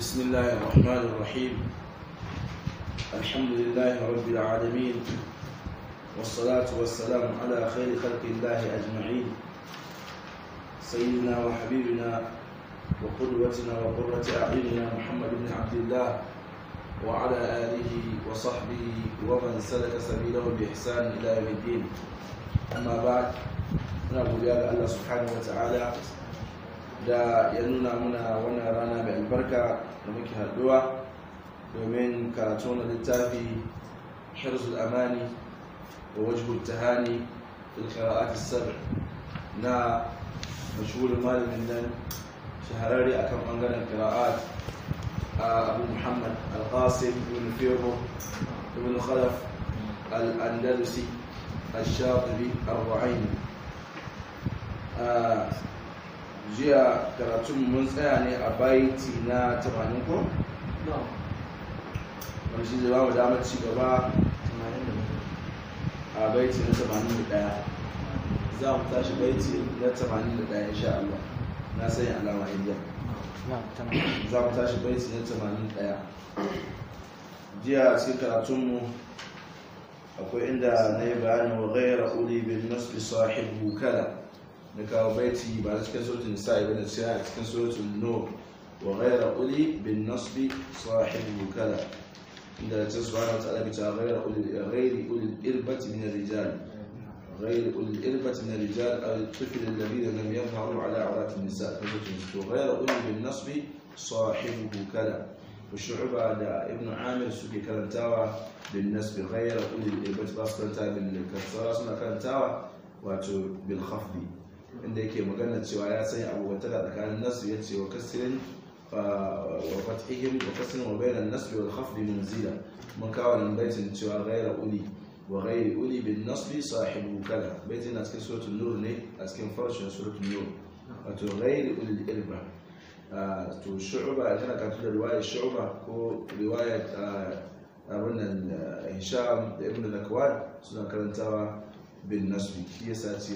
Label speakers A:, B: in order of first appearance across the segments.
A: بسم الله الرحمن الرحيم الحمد لله رب العالمين والصلاة والسلام على خير خلق الله أجمعين سيدنا وحبيبنا وقدوتنا وقرة أعيننا محمد بن عبد الله وعلى آله وصحبه ومن سلك سبيله بإحسان إلى يوم الدين أما بعد نقول يا الله سبحانه وتعالى دا ينونا منا muna wannan rana ومكي هدوع يومين كاراتونا للتافي حرز الأماني ووجه التهاني في القراءات السبع نا مشهور مالي من شهراري أكم أنقل القراءات أبو محمد القاسم بن فيرو بن خلف الأندلسي الشاطبي الرعيني آه jiya karatun mun tsaya ne a baiti na 80 ko? wani shi zai ba mu damar ci gaba a baiti na 81 za mu tashi baiti na 81 insha Allah na sanya alama indiya za mu tashi baiti na 81 jiya sai karatunmu akwai inda na yi bayanin wa gaira uli bin nasbi sahibu kala na kawo baiti ba na cikin suratul nisa'i ba na cikin a cikin suratul nur wa ghayra uli bin nasbi sahibu kala inda da cikin subhanahu wa ta'ala bita ghayra uli ghayri uli irbati min ar-rijal غير أولي الإربة من الرجال أو الطفل الذين لم يظهروا على عورات النساء وغير أولي بالنصب صاحبه كلا والشعوب على ابن عامر سوكي كلمتاوا بالنسب غير أولي الإربة باس كلمتاوا بالكسرة كلمتاوا واتو بالخفض inda yake magana cewa ya sanya abubuwan tana tsakanin nasu ya ce wa kasirin wa fatihim wa kasirin wa bayanan nasu wa hafdi min zila mun kawo nan baitin cewa gaira uli wa gairi uli bin nasbi sahibu kala baitin a cikin suratun nur ne a cikin farshen suratun nur wato gairi uli ilba to ya tana kafin da riwayar shu'ba ko riwayar abin nan hisham da ibn nakwan suna karantawa bin nasbi shi yasa ce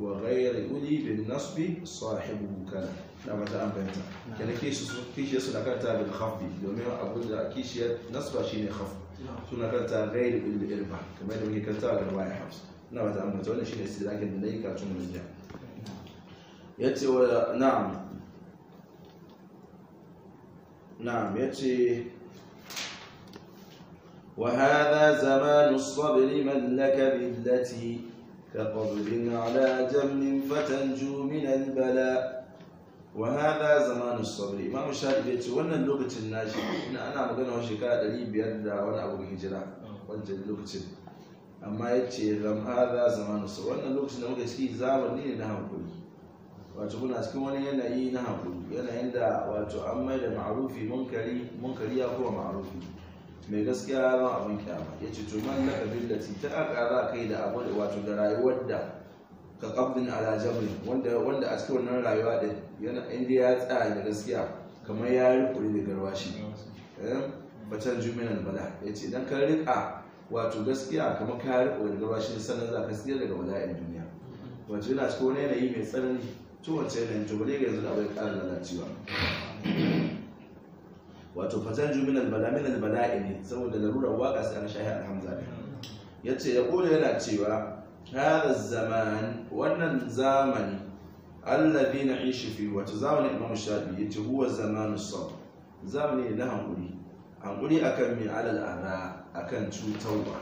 A: وغير أولي بالنصب صاحب كان نعم تام نعم. بنتا كان كيس كيس يسون كان تام بالخف دي لما أقول لك كيس نصب شيء خف سون كان تام غير أولي بالربا كما يقول كان تام بالربا يحفظ نعم تام بنتا ولا شيء استدعاك من كاتون من جا يأتي ولا نعم نعم يأتي وهذا زمان الصبر من لك بالتي كقبل على جمل فتنجو من البلاء وهذا زمان الصبر امام الشافعي yace wannan lokacin nashi ina ana magana wa shekara biyar da wani abu hijira wancan lokacin amma yace lam hadha zamanu sabr wannan lokacin da muka ciki zamani ne na hankali wato muna cikin wani yanayi na hankali yanayin da wato an mai da ma'rufi munkari munkari ya kuma mai gaskiya ran abin kyama ya ce tuman laka billati ta ƙara kai da abu da wato da rayuwar da ka kabdin alajabri wanda wanda a cikin wannan rayuwa da yana inda ya tsaya da gaskiya kamar ya rikuri da garwashi batan eh? juminan bala ya ce idan ka rika wato gaskiya kamar ka rikuri da garwashi sannan za ka siyar daga bala'in duniya wato yana cikin wani yanayi mai tsanani to wacce yanayin to ba dai ga yanzu da bai ƙara lalacewa wato fatanju min albala min albala'i ne saboda larurar waka sai an shahi alhamza ne yace ya kone yana cewa hada zaman wannan zamani na na'ishu fi wato zamani imam shafi yace huwa zamanu sau zamani na hankuri hankuri akan mai alal a akan cutarwa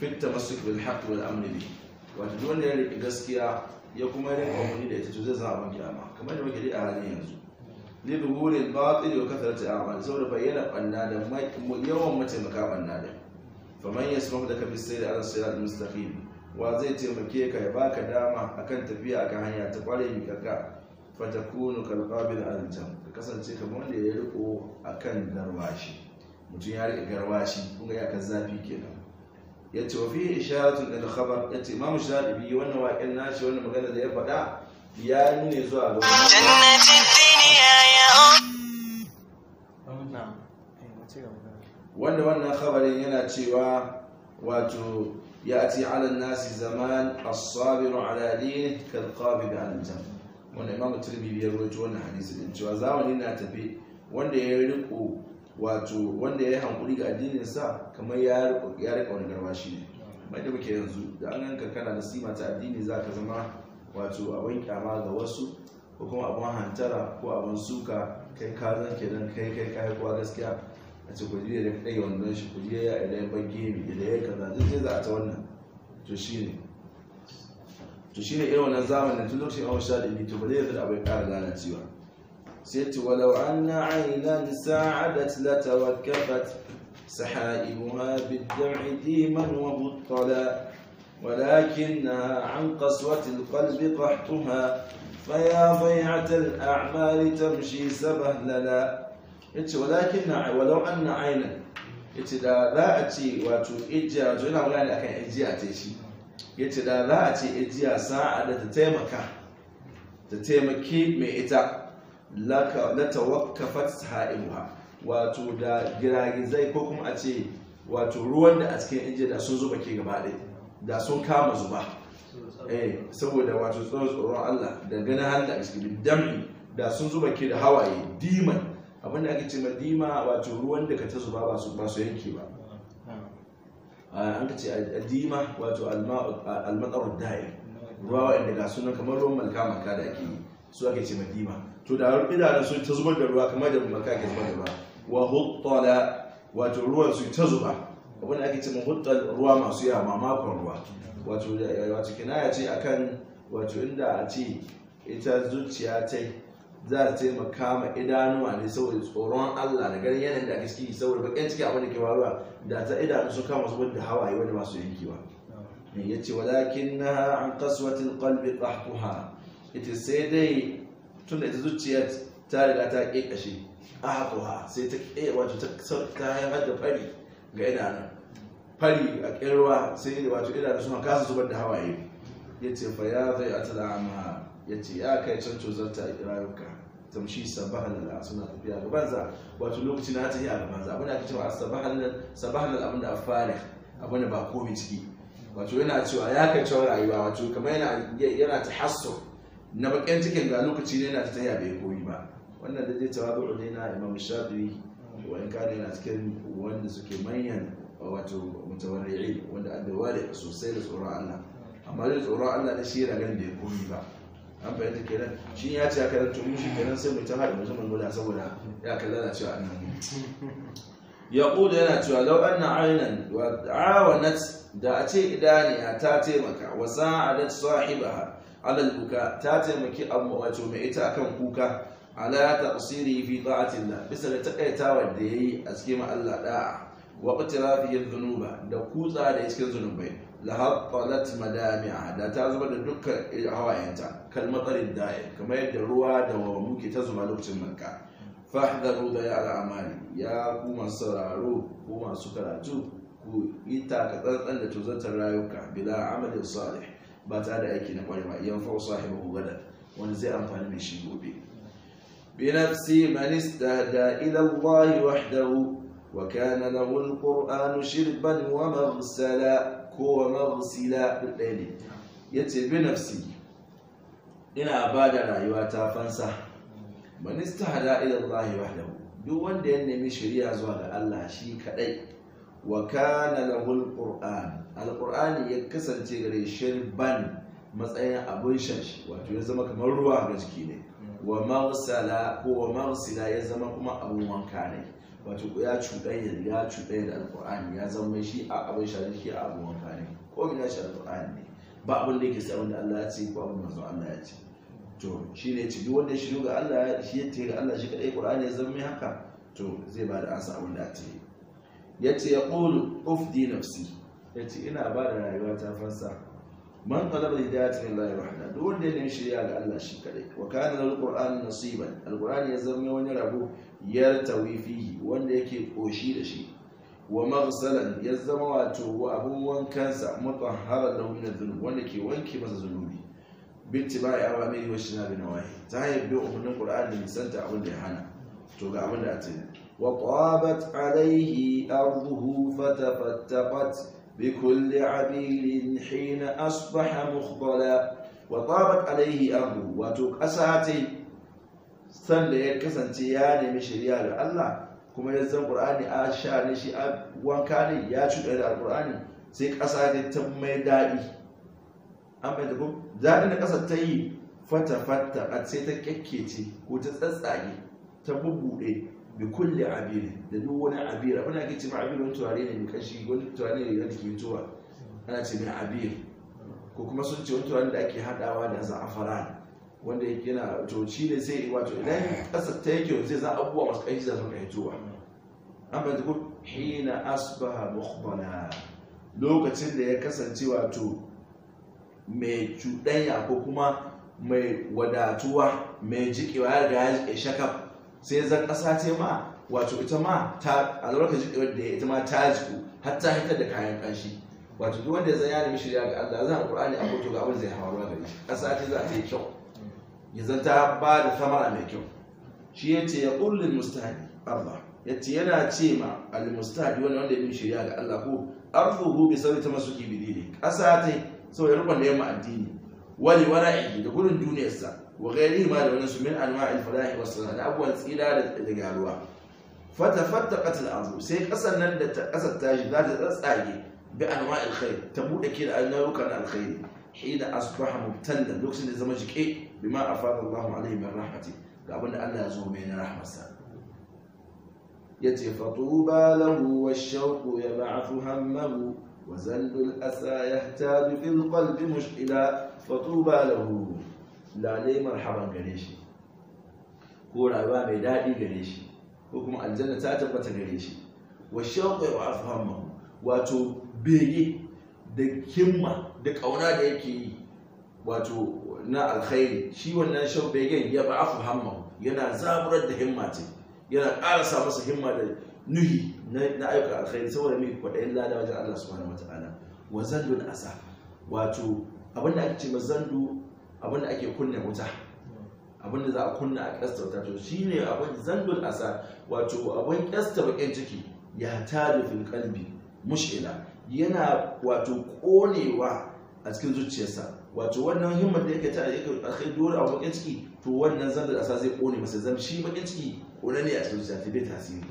A: fitta masu bil haqq wal bi wato duk wanda ya riƙe gaskiya ya kuma yi hankuri da ita ce zai zama kiyama kamar da muke da a halin yanzu liduhuril batil wa kasarati a'mal saboda bayyana banna da yawan mataimaka banna da faman yasmahu da fi sayri ala sirat mustaqim wa zai taimake ka ya baka dama akan tafiya akan hanya ta kware mi kaka fatakunu kal qabil al jam ka kasance kamar wanda ya riko akan garwashi mutum ya rike garwashi kun ga ya zafi kenan yace wa fi isharatu lil khabar yace imam shadibi wannan waƙin nashi wannan magana da ya faɗa ya nune zuwa lokacin eh, wanda wannan khabarin yana cewa wato ya'ti ala nasi zaman as-sabir ala da kal-qabid al wanda imam tirmidhi ya rawaito wannan hadisi din cewa zamani na tafi wanda ya riko wato wanda ya yi hankuri ga addinin sa kamar ya riko ya riko wani garwashi ne bai da muke yanzu da an ganka kana da sima ta addini zaka zama wato abin kyama ga wasu ko kuma abin hantara ko abin suka kai ka zan ke kenan kai kai kai kuwa gaskiya a ce kuji da ɗaya wannan shi kuji ya yi idan ban gemi idan ya kaza duk sai za a ta wannan to shi ne to shine irin wannan zamanin tun lokacin awon da ɗari to ba zai yarda abin ƙara lalacewa sai ce walau an na ainihin sa'adat la tawakkafat sahaibuha bid-dam'i diman wa mutala ولكنها عن قسوة القلب قحطها فيا ضيعة الأعمال تمشي سبهللا ولكن ولو أن عينا yace da za a ce wato ijiya to yana magana akan ijiya ta shi yace da za a ce ijiya sa'a da ta taimaka ta taimaki mai ita la tawakkafat ha'imuha wato da giragizai ko kuma a ce wato ruwan da a cikin ijiya da sun zuba ke gaba da sun kama zuba eh saboda wato tsoron Allah da ganin hanta a cikin dami da sun zuba ke da hawaye diman abin da ake ce ma dima wato ruwan da ka ta zuba ba su ba su yanke ba ah, an ka ce dima wato almatsar da'i ruwa wa'anda ga sunan kamar ruwan malka maka da ake su ake ce ma dima to da idanun sun ta zubar da ruwa kamar da malka ke zubar da ruwa wa huttala wato ruwan su ta zuba abin da ake cin mahuttar ruwa masu yawa mamakon ruwa wato eh, kina ya ce akan wato inda a ce ita zuciya ta za ta taimaka ma idanuwa ne saboda tsoron Allah da ganin yanayin da ake ciki saboda bakin ciki abin da ke faruwa da ta idanu su kama su da hawaye wani masu yankewa ya ce walakin na an kaswatin kwalbi rahtuha ita sai dai tun da ita zuciya ta riga ta ƙeƙashe ahatuha sai ta ƙe wato ta haifar da fari ga idanu fari a kirwa sai da wato ina da suna kasa zubar da hawaye ya ce fa ya zai a tada amma ya ce ya kai can zarta a kirayuka tamshi sabahan lal suna tafiya ga banza wato lokacin na ta yi a banza abin da ake cewa sabahan lal sabahan lal abin da afare abin da ba komai ciki wato yana cewa ya kai can rayuwa wato kamar yana yana tahassu na bakin cikin ga lokaci ne yana ta tafiya bai koyi ba wannan da dai tawabu ne na Imam Shafi'i wa in kana yana cikin wanda suke manyan wato mutawarri'i wanda an bai da sosai da tsoron Allah amma da tsoron Allah da shi ragan da ya komi ba an fahimta kenan shi ya ce aka rantu mu shi kenan sai mu ta haɗa mu zama mula saboda ya kalla na cewa annan
B: mu
A: ya kuda yana cewa lau an na ainihin wa awanat da a ce idaniya ta taimaka wa sa'adat sahibaha alal kuka ta taimaki abu wato mai ita akan kuka ala taqsiri fi ta'atillah bisa da takaitawa da yayi a cikin Allah da'a wa qatirafihi zunuba da kutsa da cikin zunubai la hatalat madami'a da ta zuba da dukkan hawayenta kan matsarin da'i kamar yadda ruwa da ke ta zuba lokacin marka fahdaru da ya al'amari ya ku masu sauraro ko masu karatu ku yi tsantsan da tuzantar rayuka bila amalin salih ba ta da aiki na kwarewa yan fa'u sahibu gada wani zai amfani mai shi gobe bi nafsi manista da ila wahdahu وكان له القرآن شربا ومغسلا كو مغسلا بالليل يتي بنفسي ina ba da rayuwa ta fansa man istahada ila Allah wahdahu duk wanda ya nemi shari'a zuwa ga Allah shi kadai wa kana lahu alquran alqurani ya kasance gare shirban matsayin abun shashi wato ya zama kamar ruwa ga jiki ne wa marsala ko wa marsila ya zama kuma abun wanka ne wato ya cuɗanya ya cuɗanya da alƙur'ani ya zama shi a abin shari'a shi a abin wanka ne ko mai shi alƙur'ani ne ba abin da ke sai da Allah ya ce ko abin manzo Allah ya ce to shi ne ci duk wanda ya shiru ga Allah shi ya ce ga Allah shi kadai Qur'ani ya zama haka to zai ba da ansa abin da ta yi yace yaqulu ufdi nafsi yace ina ba da rayuwa ta fansa man talaba hidayat min Allah wahda duk wanda ya nemi shirya ga Allah shi kadai wa kana lil qur'an nasiban alqur'ani ya zama wani rabo yartawi fihi wanda yake koshi da shi wa maghsalan ya zama wato abun wankansa mutahhara lahu min adh wanda ke wanke masa zunubi bittiba'i awamiri wa shinabi nawahi ta hayar biyo umarnin qur'ani da nisanta abin da ya hana to ga abin da a tsaye wa qabat alaihi arduhu fatafattaqat بكل عبيل حين أصبح مخضلا وطابت عليه أرضه وتكأساتي san da ya kasance ya nemi shari'a da Allah kuma ya zan Qur'ani a sha ne shi a wanka ne ya cuɗa da Al-Qur'ani sai ƙasa ta mai daɗi an bai tafi daɗi ƙasa ta yi fata fata a sai ta kyakkece ko ta tsatsage ta bubuɗe bi kulli da duk wani abir abin da ake ce ma abir wani turare ne mai kashi wani turare ne yadda ke mutuwa ana ce mai abir ko kuma sun ce wani turare da ake hadawa da za'afaran wanda yana toci ne sai wato idan kasar ta yake zai za abubuwa masu kashi za su ka fitowa an bai ko hina asbaha mukhbala lokacin da ya kasance wato mai cuɗanya ko kuma mai wadatuwa mai jikewa ya riga ya shakaf sai zan ƙasa ce ma wato ita ma ta a zaura ka ji da ita ma ta jiku har ta hitar da kayan ƙanshi wato duk wanda zan ya nemi shirya ga Allah zan ƙura'ani a koto ga abin zai hawa gari ƙasa ce za ta yi kyau ya zan ta ba da samara mai kyau shi ya ce ya ƙullin mustahadi arba ya ce yana ce ma al-mustahadi wanda wanda ya nemi shirya ga Allah ko arfuhu bi sauri ta masu kibidi ne ƙasa ta saboda rukun da yamma addini wani aiki da gudun duniyarsa وغيره وغيرهما لونس من أنواع الفلاح والصلاح الأول إلى دقالوها فتفتقت الأرض سي قصر نند قصر تاج ذات تساقي بأنواع الخير تبود كده ركن الخير حين أصبح مبتلا لوكس اللي زمان إيه بما أفاض الله عليه من رحمته قبل أن لا يزوم بين رحمة السلام يتي فطوبى له والشوق يبعث همه وزل الأسى يهتاد في القلب مشكلا فطوبى له lalai marhaban gare shi ko rayuwa mai daɗi gare shi ko kuma aljanna ta tabbata gare shi wa shauƙai wa afhamma wato bege da himma da ƙauna da yake yi wato na alkhairi shi wannan shan begen ya ba afu yana zaburar da himma ce yana sa masa himma da nuhi na ayyukan alkhairi saboda mai kwaɗayin lada wajen Allah subhanahu wataala wa zandun asa wato abin da ake ce ma zandu abinda ake kunna wuta abinda za a kunna a kasta wuta to shine abin zandul asa wato abin kasta bakin ciki ya tadu fil kalbi mushila yana wato konewa a cikin zuciyarsa wato wannan himmar da yake ta yake kai dole a bakin ciki to wannan zandul asa zai kone masa zan shi bakin ciki kone ne a cikin zuciya ta bai tasiri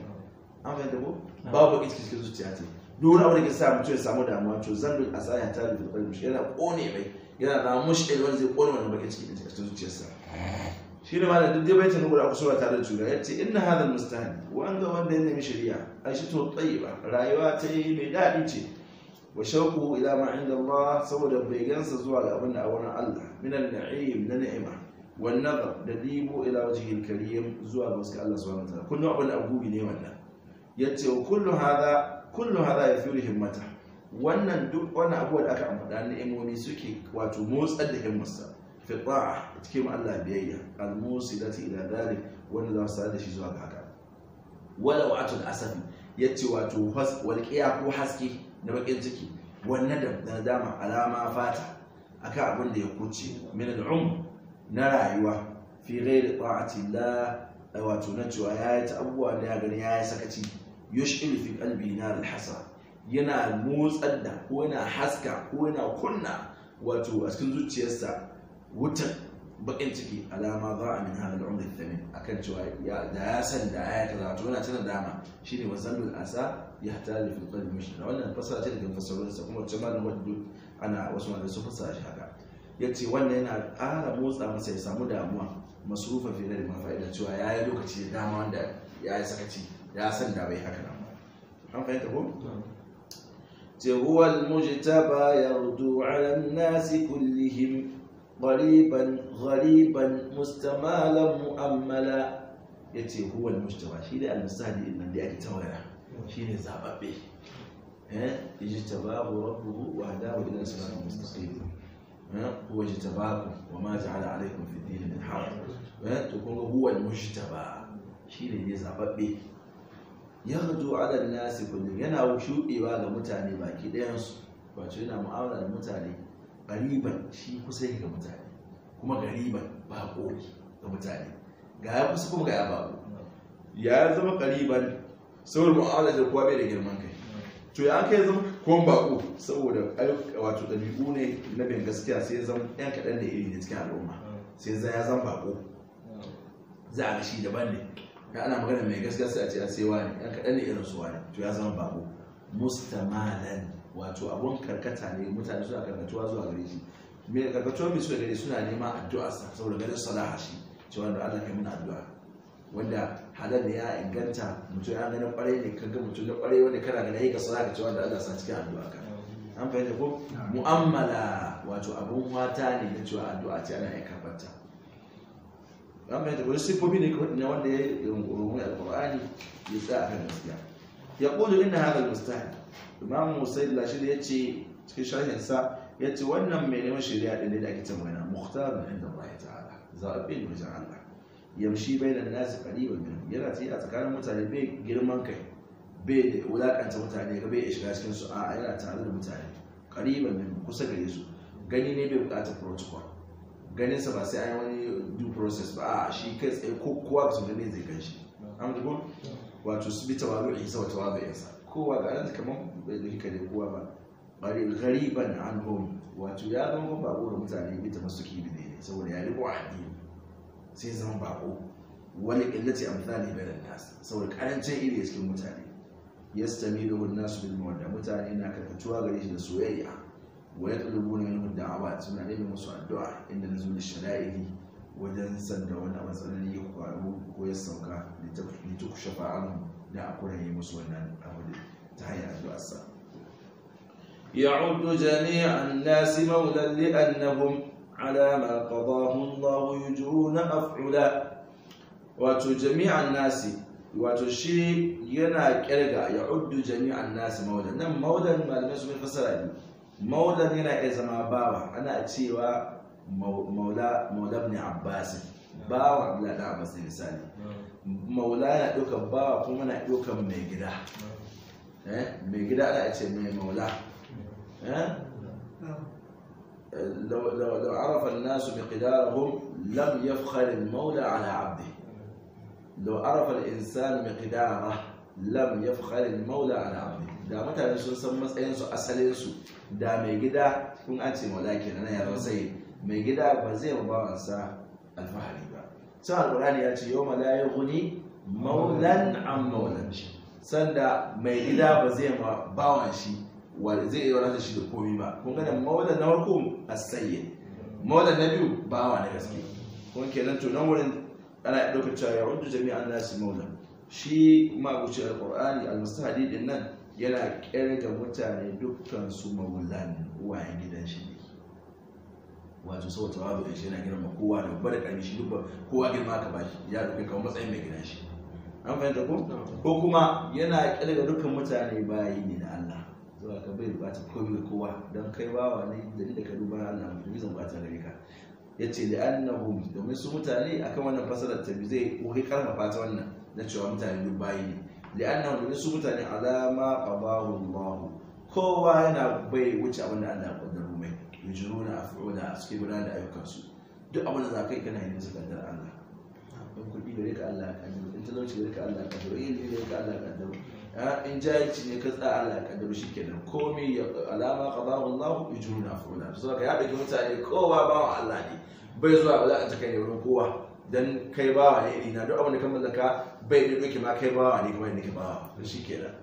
A: an fahimta ko babu bakin ciki cikin zuciya ta dole abin da ke sa mutum ya samu damuwa to zandul asa ya tadu kalbi qalbi yana kone mai yana da mushkil wanda zai ƙone wani bakin ciki a cikin zuciyarsa eh. shi ne malam duk dai baitin guda kusa tare da juna yace inna hadha almustahdi wanga wanda ya nemi shari'a a aishi to tayyiba rayuwa ta yi mai daɗi ce wa shauku ila ma inda Allah saboda baigansa zuwa ga abin da a wurin Allah min al-na'im na ni'ima wa nadar da dibo ila wajhi al-karim zuwa ga wasu Allah subhanahu wa ta'ala kullu abin abubi ne wannan yace kullu hadha kullu ya yafiru himmata wannan duk wani abuwa da aka amfada imomi suke wato motsar da himmarsa fi cikin Allah biyayya al-musilati ila dhalik wanda za su da shi zuwa ga haka wala wa'atul asafi yace wato walƙiya ko haske na bakin ciki wannan da na dama alama fata akan abin da ya kuce min al'um na rayuwa fi ghairi ta'ati la wato na cewa yayi ta abubuwa da ya gani yayi sakaci yushil fi qalbi nar al-hasra yana motsar da ko yana haska ko yana kunna wato a cikin zuciyarsa wutar bakin ciki alama za a min hada al'umma a kan cewa da ya san da ya kaza zato yana tana dama shi ne dole a asa ya da fi qalbi mushkila wannan fasara ce daga fasarar sa kuma cewa malamin wadda ana wasu malamin sun fasara shi haka ya ce wannan yana ƙara motsa masa ya samu damuwa masrufa fi da mafa'ida cewa yi lokaci da dama wanda ya yi sakaci ya san da bai haka nan an fahimta ko هو المجتبى يغدو على الناس كلهم غريبا غريبا مستمالا مؤملا يتي هو المجتبى شيل المستهدي من دي اكي تورا شيل زاببي ها اجتباه ربه وهداه الى صراط مستقيم هو اجتباكم وما جعل عليكم في الدين من حرج تكون هو المجتبى شيل زاببي ya hajjo alal nasi kullum yana shuɗewa ga mutane baki ɗayansu wato yana mu'amala da mutane gariban shi kusa yake ga mutane kuma gariban bako ga mutane ga ya kusa kuma ga ya bako ya zama gariban saboda mu'amala da kuwa bai da girman kai to ya kai zama kuma bako saboda wato ɗabi'u ne na bin gaskiya sai zama yan kaɗan da iri ne cikin al'umma sai ya zama bako za a ga shi daban ne da ana magana mai gaskiya sai a ce a sai wani ya kaɗan ne irin su wani to ya zama babu mustamalan wato abun karkata ne mutane suna karkatuwa zuwa gare shi mai karkatuwa mai suka gare suna neman addu'a saboda ganin salaha shi cewa da Allah kai muna addu'a wanda halar da ya inganta mutum ya ganin kwarai ne kaga mutum na kwarai wanda kana ganin yayi ka salaha cewa da Allah sa cikin addu'a ka an fahimta ko Muammala. wato abun wata ne na cewa addu'a ce ana iya an bayyana wani siffofi ne kamar ne wanda ya yi rungumi alkur'ani ya tsaya a kan gaskiya ya kudu ina hada mustahi imam musaid lashir ya ce cikin sharhin sa ya ce wannan mai neman shari'a din da ake ta muhtar muhtarun inda Allah ta'ala zaɓin wajen Allah yamshi bai da nasi qaliban min yana tsaye a tsakanin mutane bai girman kai bai da wulakanta mutane ga bai shiga cikin su a yana tare da mutane qaliban min kusa gare su gani ne bai bukata protocol ganin sa ba sai an wani due process ba a shi kai tsaye ko kowa ba su ne zai gan shi an ji ko wato su bi a isa wa a isa kowa ga an kama bai da kika kowa ba bari gariban an home wato ya zama ko da mutane bi ta masu kibi ne saboda ya riko addini sai zama ko wani illati amsali bai da nasu saboda karancin iri cikin mutane yastamilu nasu bilmawar da mutane na karkatuwa gare shi da soyayya ويطلبون منه الدعوات سنة ليه من مسوع الدعاء إن نزول الشرائه وجنسا دون أمسأل لي يقعوا ويسوك لتكشف عنهم لا أقول هي مسوع أولي تحيا الدعاء السلام يعد جميع الناس مولا لأنهم على ما قضاه الله يجرون أفعلا وتجميع الناس وتشي ينا كرجا يعد جميع الناس مولا نم مولا ما لم يسمي مولى دينا إزما باوا أنا أتشيوا مولى مولى ابن عباس باوا عبد الله بن عباس الإنساني مولانا يوكا باوا كما يوكا ميجدا ميجدا أنا إيه؟ أتشي مي مولى إيه؟ لو لو لو عرف الناس مقدارهم لم يفخر المولى على عبده لو عرف الإنسان مقداره لم يفخر المولى على عبده da mutane sun san matsayinsu asalinsu da mai gida kun an ce maula na yaron sai mai gida ba zai ma bawansa alfahari ba sai alqur'ani ya ce yau mala ya guni maulan an maulan shi sanda mai gida ba zai ma bawan shi zai iya wadata shi da komi ba kun gane maulan na farko asayye maulan na biyu bawa na gaske kun kenan to nan wurin ana ɗaukar cewa ya wajen jami'an nasu maulan shi magucin alqur'ani almustahadi din nan yana kirga mutane dukkan su maulan uwayen gidan shi ne wato sau tawazu da shi yana girma kowa da babbar karni shi duk kowa girma ka bashi ya rufe kawo matsayin mai gidan shi an fahimta ko ko kuma yana kirga dukkan mutane bayi ne da Allah zuwa ka bai bukata komai da kowa don kai bawa ne da da ka duba Allah mutum zan bata da ka ce da annahum domin su mutane akan wannan fasalar ta zai ko kai karfafa ta wannan na cewa mutane duk bayi ne li'annahu domin su mutane alama qadahu Allah kowa yana bai wuce abin da Allah ya kaddaro mai yujruna af'ula suke gudanar da su. duk abin da za ka kana yi musu kaddar Allah in kuɗi gare ka Allah ya kaddaro in talauci gare ka Allah ya kaddaro in ilimi gare ka Allah ya kaddaro in jahilci ne ka tsaya Allah ya kaddaro shikenan komai alama qadahu Allah yujruna af'ula saboda ya dauki mutane kowa bawa Allah ne bai zuwa ba za a ji kai ne wurin kowa dan kai bawa ne na duk abin da kamar mallaka bai da duke ma kai bawa ne kamar nake bawa to shikenan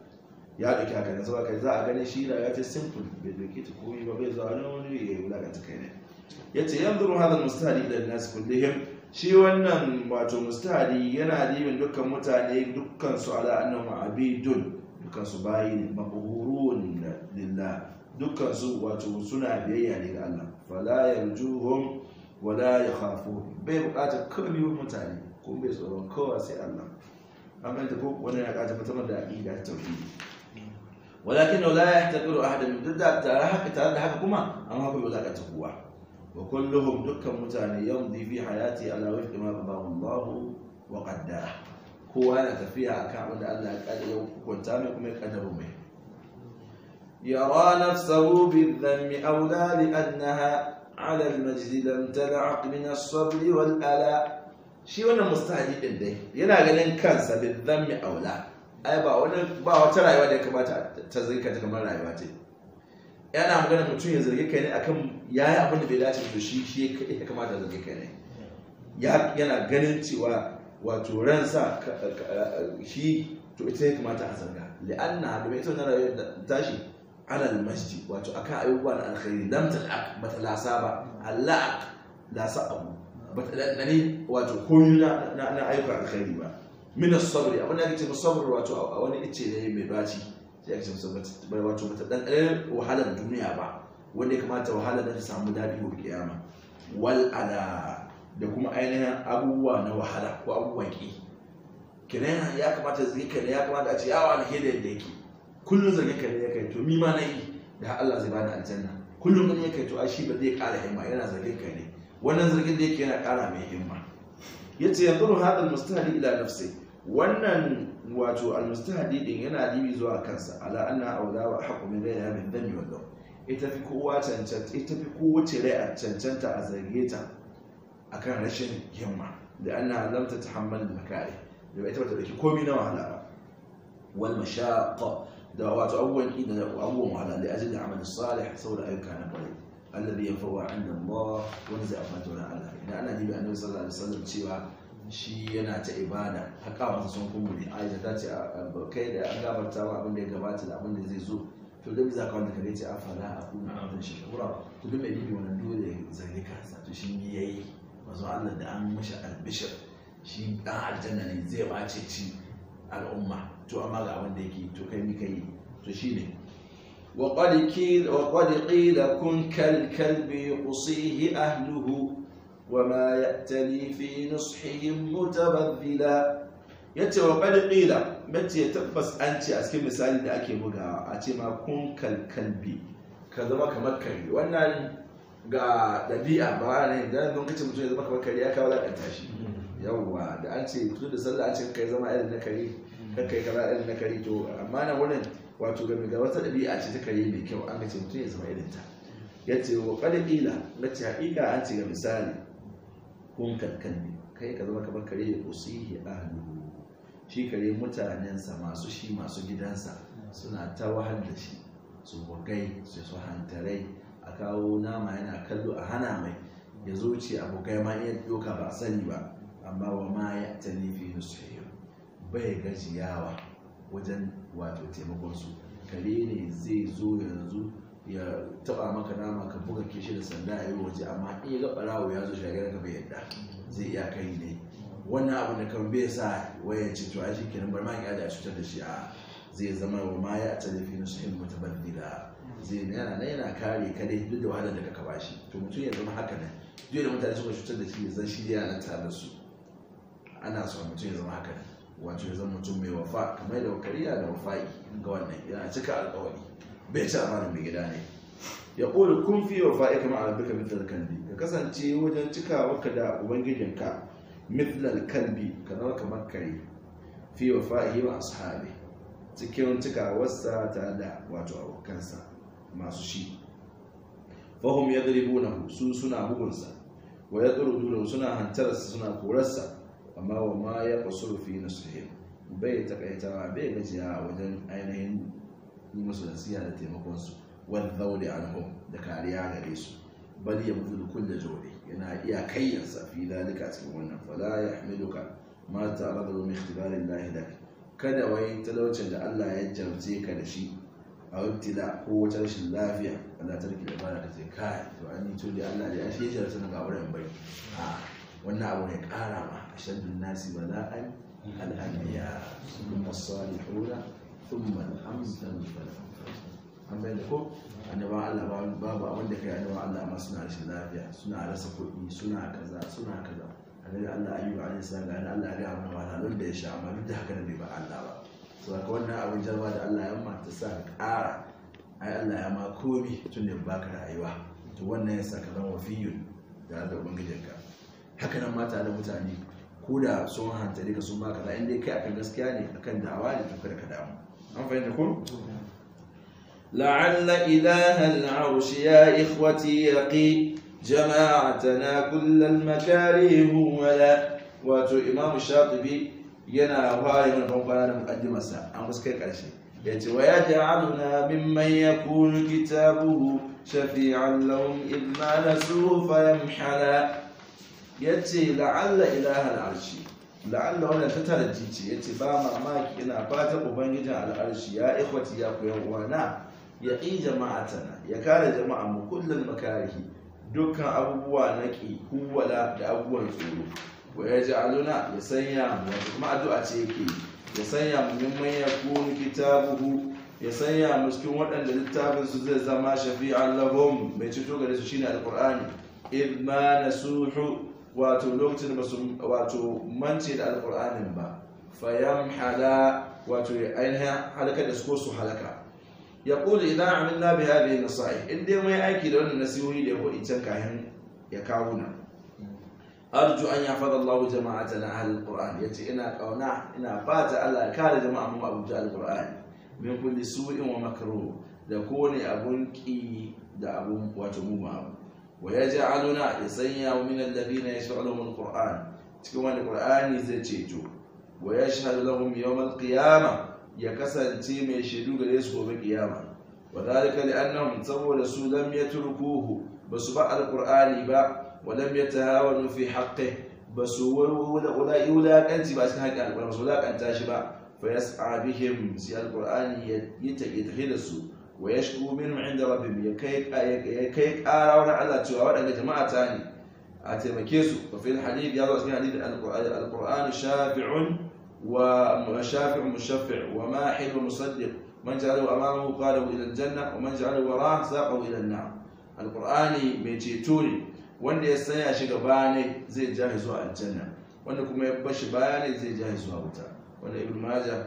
A: ya duke haka nan saboda kai za a gani shi ya ce simple bai duke ta koyi ba bai zuwa nan wani ya ta kai ne yace yanzuru hadha mustahdi ila nas kullihim shi wannan wato mustahdi yana dibin dukkan mutane dukkan su ala annahum abidun dukkan su bayi ne maqhurun lillah dukkan su wato suna biyayya ne ga Allah fala yarjuhum wala ya khafo bai bukatar kawai mutane kuma bai tsoron kowa sai Allah amma ta ko wani ya kaji da aqida ta tauhidi walakin la yahtaqiru ahadan duk da tare haka tare da haka kuma amma ko wala ta kowa wa kulluhum dukkan mutane yamdi fi hayati ala wajhi ma qadahu Allah wa qaddara kowa yana tafiya akan abin da Allah ya kaddara ya hukunta mai kuma ya kaddara mai يرى نفسه بالذنب أو لا لأنها على المجد لم تلعق من الصبر والألاء shi wannan mustahaji din dai yana ganin kansa bi dhammi aula ai ba wani ba wata rayuwa da ya kamata ta zirka ta kamar rayuwa ce yana magana mutum ya zargi kai ne akan yayi abin da bai dace da shi shi ya kamata zargi kai ne yana ganin cewa wato ransa shi to ita ya kamata a zarga li'anna da bai tona rayuwar tashi alal masjid wato akan ayyuka na alkhairi lam tal'aq bata lasa ba alla'aq lasa abu bata dandane wato koyuna na na ayyuka alkhairi ba min as-sabr abin da kace sabr wato a wani ice ne mai baci sai kace musabr wato bata dandane wahalar duniya ba wanda ya kamata wahalar da ta samu dadi gobe kiyama wal ala da kuma ainihin abubuwa na wahala ko abubuwan ki kenan ya kamata zikir ya kamata a ce yawa alheri da yake kullum zane ka ya kai to mi ma da Allah zai bani aljanna kullum in ya kai to shi ba zai ƙara himma yana zargin kai wannan zargin da yake yana kara mai himma yace yanzu hada almustahdi ila nafsi wannan wato almustahdi din yana dibi zuwa kansa ala anna awla wa haqqu min ghayriha min dhanbi wal dhaw ita fi kowa cancanta ita fi kowace rai a cancanta a zarge ta akan rashin himma da anna lam tatahammal makari da ita ta dauki komai na wahala ba wal mashaqqa da wato abubuwan ki da abubuwan wahala da ajin da amal salih saboda ayyuka na kwarai alladhi yanfa'u 'inda Allah wanda zai amfanta wurin Allah idan ana dibi annabi sallallahu alaihi wasallam cewa shi yana ta ibada haka wasu sun kumbure Aisha ta ce kai da an gabata wa abin da ya gabata da abin da zai zo to da za ka wanda kare ce a fara a kuma abin shakura to duk mai bibi wannan dole zai kansa to shi ne yayi mazo Allah da an mishi albishir shi dan aljanna ne zai wace ci al'umma to amma ga wanda yake to kai mi kai to shine wa qad qila wa qad qila kun kal kalbi qusihi ahluhu wa ma ya'tali fi nushihi mutabaddila yace wa qad qila bace ya tabbas an ce a cikin misali da ake bugawa a ce ma kun kal kalbi ka zama kamar kai wannan ga ɗabi'a ba ne da don kace mutum ya zama kamar kai ya kawo lakanta tashi. Mm. yawwa da an ce fito da sallah an ce kai zama irin na kare kakai yi kaza irin na kare to amma na wurin wato game da wata ɗabi'a ce ta kare mai kyau an ce mutum ya zama irin ta ya ce wa ƙwalƙila na ce haƙiƙa an ce ga misali kun kankan ne kai ka zama kamar kare ya ƙusi ya ahlu shi kare mutanensa masu shi masu gidansa suna ta wahal da shi su bugai su hantarai a kawo nama yana kallo a hana mai ya zo ce a ma iya doka ba sani ba amma wa ma ya ta nufi nusu bai gajiyawa wajen wato taimakonsu kare ne zai zo yanzu ya taba maka nama ka buga kishi da sanda a yi waje amma in ya gaba rawo ya zo shagara ka bai yadda zai iya kai ne wannan abu da kan bai sa waya ce to shi kenan bar ma ya da cutar da shi a zai zama wa ma ya ta lafi na sahin mutabaddila zai yana nan yana kare ka dai duk da wahalar da ka kaba shi to mutum ya zama haka nan duk da mutane suka cutar da shi zan shi yana nan tare da su ana so mutum ya zama haka nan wace zan mutum mai wafa kamar da wakariya da wafa'i ga wannan yana cika alkawari bai ci amanin mai gida ne ya ƙoli kun fi wafa'i kamar alabika mitlar kalbi ka kasance wajen cika waka da ubangijinka mitlar kalbi kamar kamar kare fi wafa'i wa ashabi cikin cika wasa tare da wato abokansa masu shi fahim ya daribu na su suna bugunsa wa ya tsoro suna hantarsa suna korarsa amma wa ma ya na fi nasihin bai takaitawa bai gajiya wajen ainihin yi musu nasiya da taimakonsu wadda zaune anhum da kariya gare su bal ya mutu da kulle jode yana iya kayyarsa fi dalika cikin wannan fala ya hamiluka ma ta rada wa ikhtibarin lahi da kada wai talaucin da Allah ya jarce ka da shi a wabtila ko wata rashin lafiya Allah ta rike ibada ka sai kai to an yi tuli da Allah da ya shi jarce na ga wurin bai wannan abu ne kara ma ashaddu nasi bala'an al'anbiya thumma as-salihuna thumma al-amsalu an bai da ko annaba Allah ba ba wanda kai annaba Allah amma suna rashin lafiya suna rasa kuɗi suna kaza suna kaza annabi Allah ayyuka alayhi salam ga Allah ya ga mana wahalhalun da ya sha amma duk da haka bai ba Allah ba so ka wannan abin jarba da Allah ya mata sa ka ƙara ai Allah ya ma komi tun da baka rayuwa to wannan yasa ka zama wafiyun da Allah ubangijinka haka nan mata da mutane ko da sun hantare ka sun maka kaza in dai kai akan gaskiya ne akan da'awa ne to kada ka damu an fahimta ko لعل إله العرش يا إخوتي يقي جماعتنا كل المكاره ولا wato imamu shatibi yana fara yin bambana da mukaddimarsa an wasu kai karshe ya ce wa ya ja'aluna mimman yakunu kitabuhu shafi'an lahum idh ma nasu fa yamhala ya ce la'alla ilahal arshi la'alla wannan ta taraji ce ya ce ba mamaki ina fatan ubangijin al'arshi ya ikwati ya kuyan wana ya ƙi jama'atana ya kare jama'a mu kullum makarihi dukkan abubuwa na ƙi kuwala da abubuwan tsoro wa ya ji aluna ya sanya mu wata kuma addu'a ce yake ya sanya mu mimman ya kita kitabuhu ya sanya mu cikin waɗanda littafin su zai zama shafi'an lahum mai cito gare su shine alqur'ani idh nasuhu wato lokacin da su wato mance da alƙur'anin ba fayan hala wato ya ainihin halaka da su ko su halaka ya kula idan amin na bi hali na sa'i in dai mai aiki da wannan nasihohi da ya kuɗi can kayan ya kawo na arju an ya fada Allah jama'a ta na ahalin ƙur'an ya ce ina kauna ina fata Allah kare jama'a mu abuja al-ƙur'an min kulli su'in wa makaro da kowane abun ƙi da abun wato abu wa ya ji aluna ya sanya wa minan labina ya alamun ƙor'an cikin wani ƙur'ani zai ceto wa ya shahadu lahum yawmal qiyama ya kasance mai shaidu gare su gobe qiyama wa da li annahum saboda su don ya turkuhu ba alqur'ani ba wa lam yatahawanu fi haqqihi basu wala ba cikin haƙƙin alqur'ani wulakanta shi ba fa yas'a bihim sai alqur'ani ya yi taƙi da su ويشكو منهم عند ربهم يكيك قارا آه، وانا على تشوا وانا جماعة تاني مكيسو وفي الحديث يضع اسمه حديث القرآن شافع وشافع مشفع وما حل مصدق من جعله أمامه قاله إلى الجنة ومن جعله وراه ساقه إلى النار القرآن ميتيتوني وان ya saya shi gaba ne zai ja shi zuwa aljanna wanda kuma ya bashi baya ne zai ja shi zuwa wuta wanda ibn majah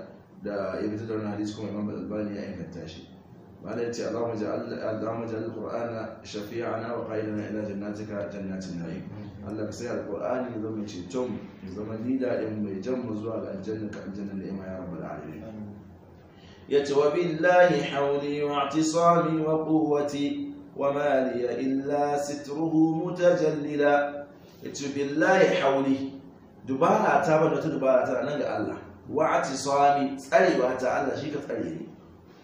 A: قال يتي اللهم اجعل اللهم اجعل القران شفيعنا وقائدنا الى جناتك جنات النعيم Allah ka sai alqur'ani ya zama ceton ya zama lida din mai jan mu zuwa ga aljanna ka aljanna da ima ya rabbal alamin yace wa billahi hawli wa i'tisami wa quwwati wa illa sitruhu mutajallila yace billahi hawli dubara ta nan ga Allah wa ta Allah shi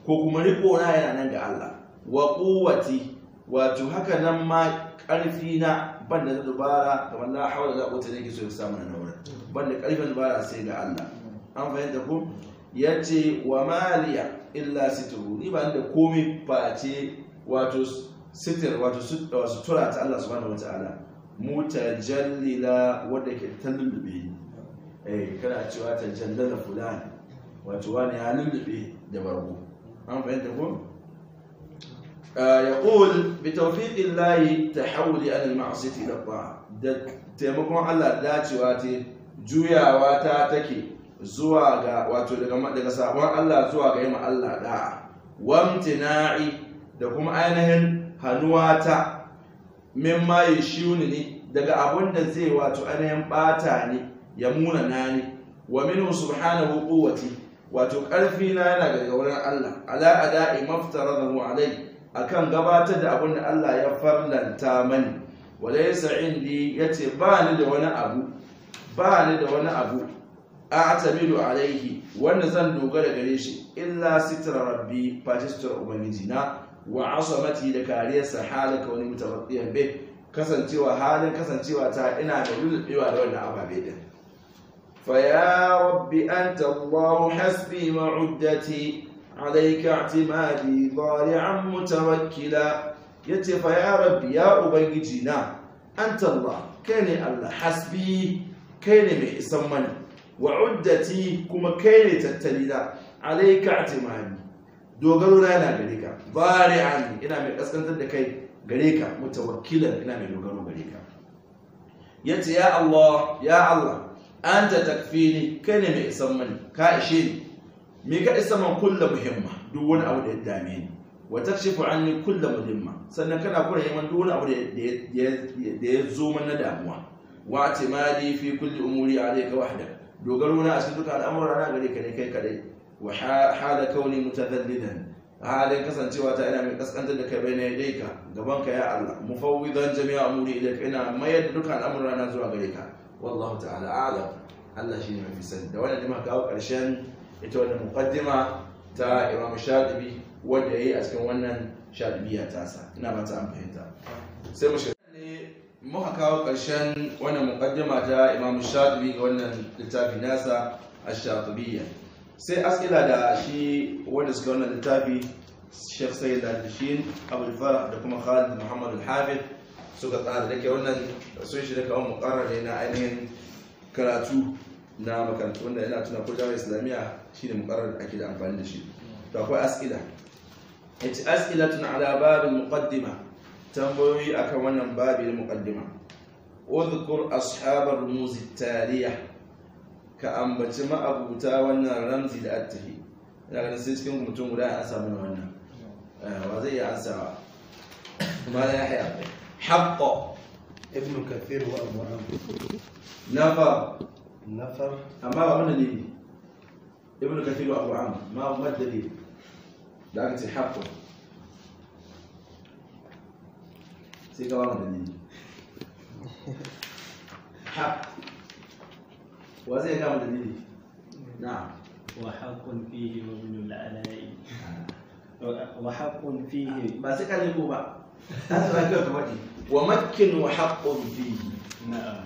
A: ko kuma riko na yana nan ga Allah wa quwwati wato haka nan ma karfi na banda da dubara kamar la hawla la nake so ya samu na ban banda karfin dubara sai ga Allah an fahimta ko yace wa maliya illa sitru ni ba da komai ce wato sitir wato sutura ta Allah subhanahu wataala jallila wadda ke ta lullube eh kana cewa jallala fulani wato wani ya lullube da barbu an fahimta ko ah, yaqul bi tawfiqillahi tahawuli an al-ma'siyati ila Allah da taimakon Allah dacewa ce juyawa ta take zuwa ga wato daga sabon Allah zuwa ga yin Allah da wamtina'i da kuma ainihin hannuwa ta mimma yashuni ne daga abunda zai wato ainihin bata ne ya muna nani wa subhana subhanahu quwwati wato ƙarfi na yana daga wurin Allah ala ada'i maftaradahu a kan gabatar da abin da Allah ya farlanta mani walaysa ya yace ba ni da wani abu ba ni da wani abu a a'tamidu alaihi wanda zan dogara gare shi illa sitra rabbi fasistar ubangiji na wa asamati da kariyarsa ka wani mutabatsiyar bai kasancewa halin kasancewa ta ina da lullubewa da wannan ababe din فيا رب أنت الله حسبي وعدتي عليك اعتمادي ضارعا متوكلا يتي فيا رب يا أبنجينا أنت الله كيني الله حسبي كيني محسمني وعدتي كما كيني تتليلا عليك اعتمادي دوغلو أنا غريكا ضارعا إنا من أسكنت لكي غريكا متوكلا إنا من دوغلو غريكا يتي يا الله يا الله an ta takfini kai ne mai isan mani ka ishe ni me ka isa man kulla muhimma duk wani abu da ya dame ni wa takshifu anni kulla muhimma sannan kana kura yi man duk wani abu da ya zo man na damuwa wa yi fi kulli umuri alayka wahdak dogaro na a cikin duka al'amura na gare ka ne kai kadai wa hala kauni mutadallidan halin kasancewa ta ina mai kaskantar da kai bai na yadda ka gaban ka ya Allah mufawwidan jami'a amuri ilayka ina mayar da duka al'amura na zuwa gare ka wallahu ta'ala a'lam Allah shi ne mafi sani da wannan nima kawo karshen ita wannan muqaddima ta Imam Shadibi wanda yayi a cikin wannan shadibiya tasa ina ba ta amfahinta sai mu shiga ne muka kawo karshen wannan muqaddima ta Imam Shadibi ga wannan littafi nasa ash-Shatibiyya sai askila da shi wanda suka wannan littafi Sheikh Sayyid Al-Dashin Abu Farah da kuma Khalid Muhammad Al-Habib suka tsara da ke wannan sun shi da kawo mu ƙara ne na ainihin karatu na makarantu wanda yana tuna ko jami'ar islamiyya shi ne muƙarar da ake da amfani da shi to akwai as'ila yace as'ilatun ala babin muqaddima tambayoyi akan wannan babin muqaddima udhkur ashabar rumuz taliya ka ambaci ma'abuta wannan ramzi da attahi daga nan sai cikin mutum guda an samu wannan eh, wa zai iya ansawa ma ya hayya حق ابن كثير وأبو عمرو نفر نفر أما قلنا لي ابن كثير وأبو عمرو ما ما الدليل؟ لكن حق سيكا ولا دليل حق وزي كام دليل نعم وحق
B: فيه وابن العلاء آه. وحق فيه ما سيكا لي بوبا
A: هذا ما كنت ومكن وحق فيه نعم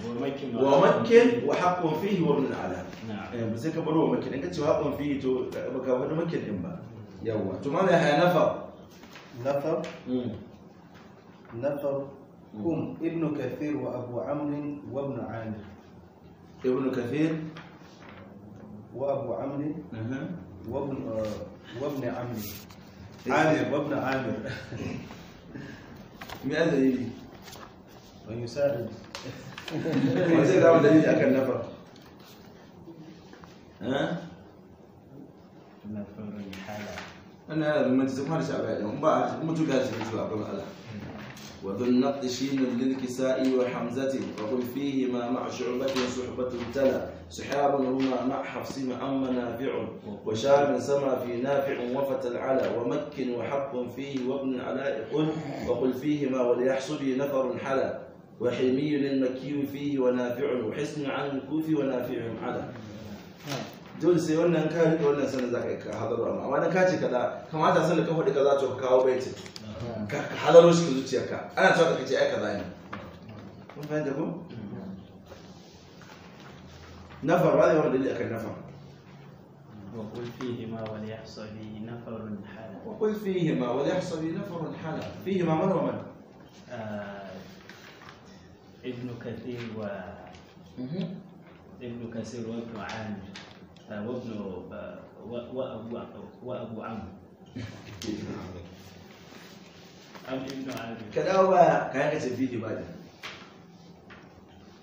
A: ومكن وحق فيه وابن الأعلى نعم زي ka baro انت in فيه تو haƙon fihi to baka wani makin din ba نفر to هم ابن كثير وابو عمرو وابن عامر ابن كثير وابو عمرو وابن آه، وابن عمرو عامر وابن عامر ماذا يريد؟ ويساعد زي ده دليل اكل نفر ها
B: نفر الحالة
A: انا لما تزمها لشعبي يعني. ومن بعد ما تقاش في شعب الغلا وذو النقشين للكساء وحمزة وقل فيهما مع شعبة صحبة تلا سحاب هما مع حفص أما نافع وشاب سما في نافع وفتى العلا ومك وحق فيه وابن علاء قل وقل فيهما وليحسبي نفر حلا وحمي المكي فيه ونافع وحسن عن الكوفي ونافع على dole سي wannan ka rike wannan sanin zaka ka hadaro amma amma dan ka ce kaza kamata sanin ka faɗi kaza to ka kawo baitin ka hadaro shi zuciyarka ana cewa kace ai kaza ne kun fahimta ko nafar ba zai wani dalili akan nafar وقل فيهما
B: وليحصى به نفر حالا وقل فيهما وليحصى به نفر حالا فيهما من ومن؟ آه ابن كثير و ابن كثير وابن عامر وابن وابو
A: وابو عمرو ام ابن عامر كلاوة في الفيديو بعد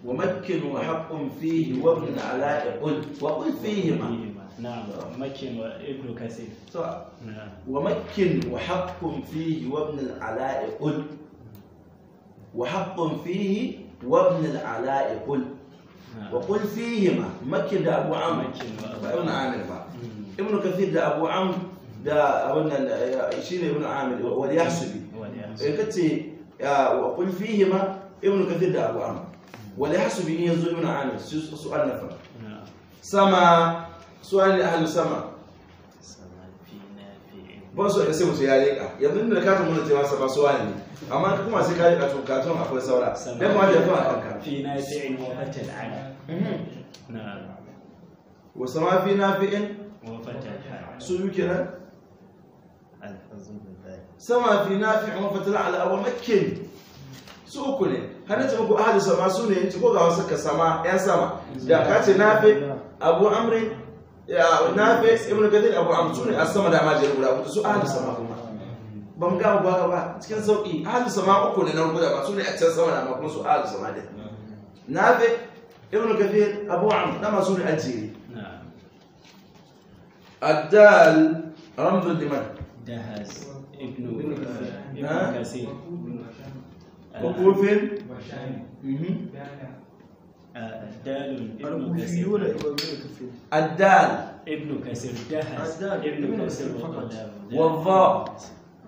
A: ومكن وحق فيه وابن علاء قل وقل فيهما نعم مكن وابن كثير صح نعم ومكن وحق فيه وابن العلاء قل وحق فيه وابن العلاء قل وقل فيهما مكي دا أبو عم ابن عامر با ابن كثير دا أبو عم دا أبن شين ابن عامر وليحسبي كتي وقل فيهما ابن كثير دا أبو عم وليحسبي إن يزو ابن عامر سؤال نفر سما سؤال أهل سما su so sai musu ya leka yanzu inda katon mun ce masa ba su wani ne amma kuma sai ka leka to katon akwai saura dan ma da zuwa kanka fi na fi'in wa fatal an mhm. na wa sama fi na in wa fatal su yuke nan sama fi na fi wa fatal ala awa makke su uku ne hannun ta muku ahadu sama su ne ko ga wasu ka sama yan sama da ka ce na fi abu amrin na fi ibn kathir abu amsu ne a sama da ma jere guda hudu su ahli sama kuma ba mu gama gwara ba cikin sauƙi ahli sama uku ne na rubuta ba su ne a can sama da ma kuma su ahli sama ne na fi ibn kathir abu amsu na ne a jere الدال رمز
B: لمن؟ الدال ابن كسر الدال ابن كثير دهس ابن كثير والضاء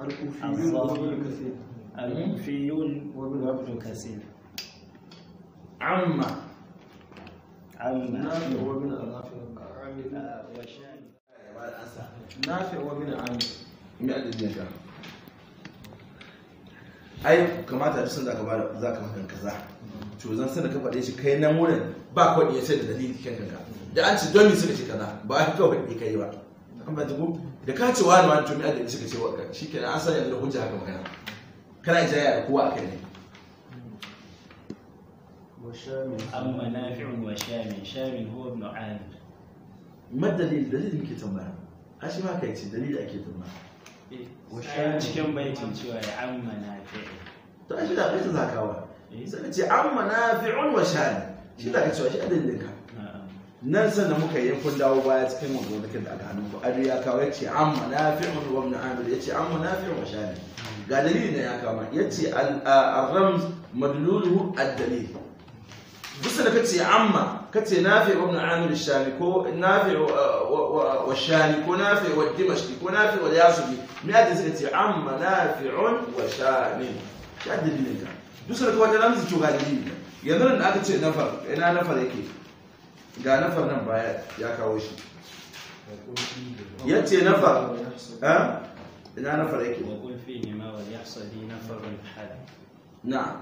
B: الكوفيون وابن كثير الكوفيون وابن كثير عمّ
A: عمّ وابن نافع وابن عمي 100 جزاك ai kamata sun san aka bada za ka makan kaza to zan san ka faɗe shi kai nan wurin ba kwaɗi ya ce da dalili kan kanka da an ci domin suka ce kaza ba a ka ne kai ba an ba jigo da ka ce wani wani tumi adadi suka ce waka shi kenan an sani da hujja haka magana kana jaya da kowa a kai ne
B: Amma shamin, shamin وشام شام هو ابن dalil ما ke tambaya a
A: shi ma kai ce دليل ake tambaya. cikin baitin cewa ya amma na fi'un to ai shi da baitin zakawa eh? sai ka ce amma na fi'un wa sha'ani shi da ka cewa shi adadin ka nan da muka yi kun dawo baya cikin magonakin da aka hannu ku adu ya kawo ya ce amma na fi'un wa ibn amir ya ce amma na fi'un wa sha'ani ga dalili na ya kawo ya ce al-rams madluluhu ad-dalil duk da kace amma kace nafi ibn amir Shani ko nafi والشان يكون نافع والدمشق يكون نافع والياسبي ما دزيتي عم نافع وشان شاد بينك دوسر كو كلام زي جوغا دي يندر ان اكتي نفر انا نفر يكي غا نفر نان بايا يا كاوشي شي يتي نفر ها انا نفر يكي وقول فيني ما يحصل لي نفر حد نعم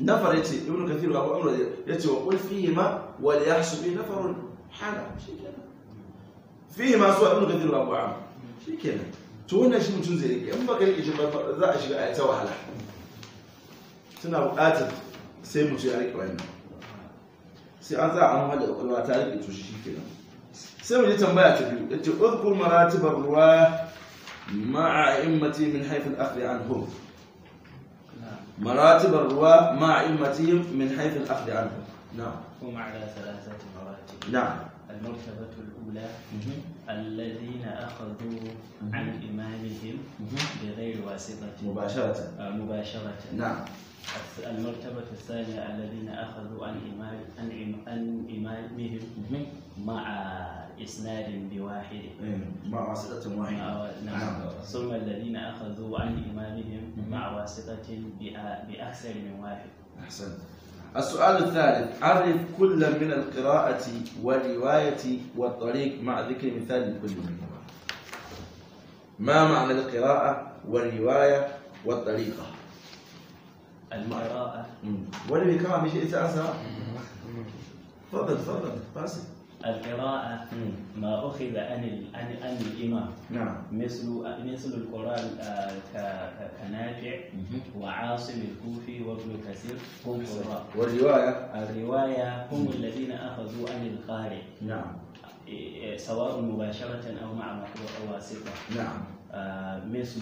A: نفر يتي ابن كثير ابو عمر يتي وقول فيه ما وليحسب نفر حالا في ما سوى ابن غدير ابو عام في كذا تونا شي متون زي كي امك اللي كيجي ذا اشي قاعد تا وهلا تنا وقات سي متي عليك وين سي ان ذا عم هذا ولا تعرف انت شي كذا سي متي تنبيا تبي انت اذكر مراتب الرواه مع ائمتي من حيث الاخذ عنهم مراتب الرواه مع ائمتهم من حيث الاخذ عنهم نعم ومع
B: ثلاثه مراتب نعم المرتبة الأولى الذين أخذوا عن إمامهم بغير واسطة مباشرة آه، مباشرة نعم المرتبة الثانية الذين أخذوا عن عن إمامهم مع إسناد بواحد إيه، مع واسطة واحدة نعم. نعم ثم الذين أخذوا عن إمامهم مع واسطة بأكثر من واحد أحسنت
A: السؤال الثالث عرف كل من القراءة والرواية والطريق مع ذكر مثال لكل منهما ما معنى القراءة والرواية والطريقة المعراءة ولا كمان شيء
B: تفضل تفضل فاسد القراءة ما أخذ عن عن عن الإمام نعم مثل مثل القرآن آه، كنافع وعاصم الكوفي وابن كثير هم قراء والرواية الرواية هم الذين أخذوا عن القارئ نعم آه، آه، سواء مباشرة أو مع مقروء أو واسطة نعم مثل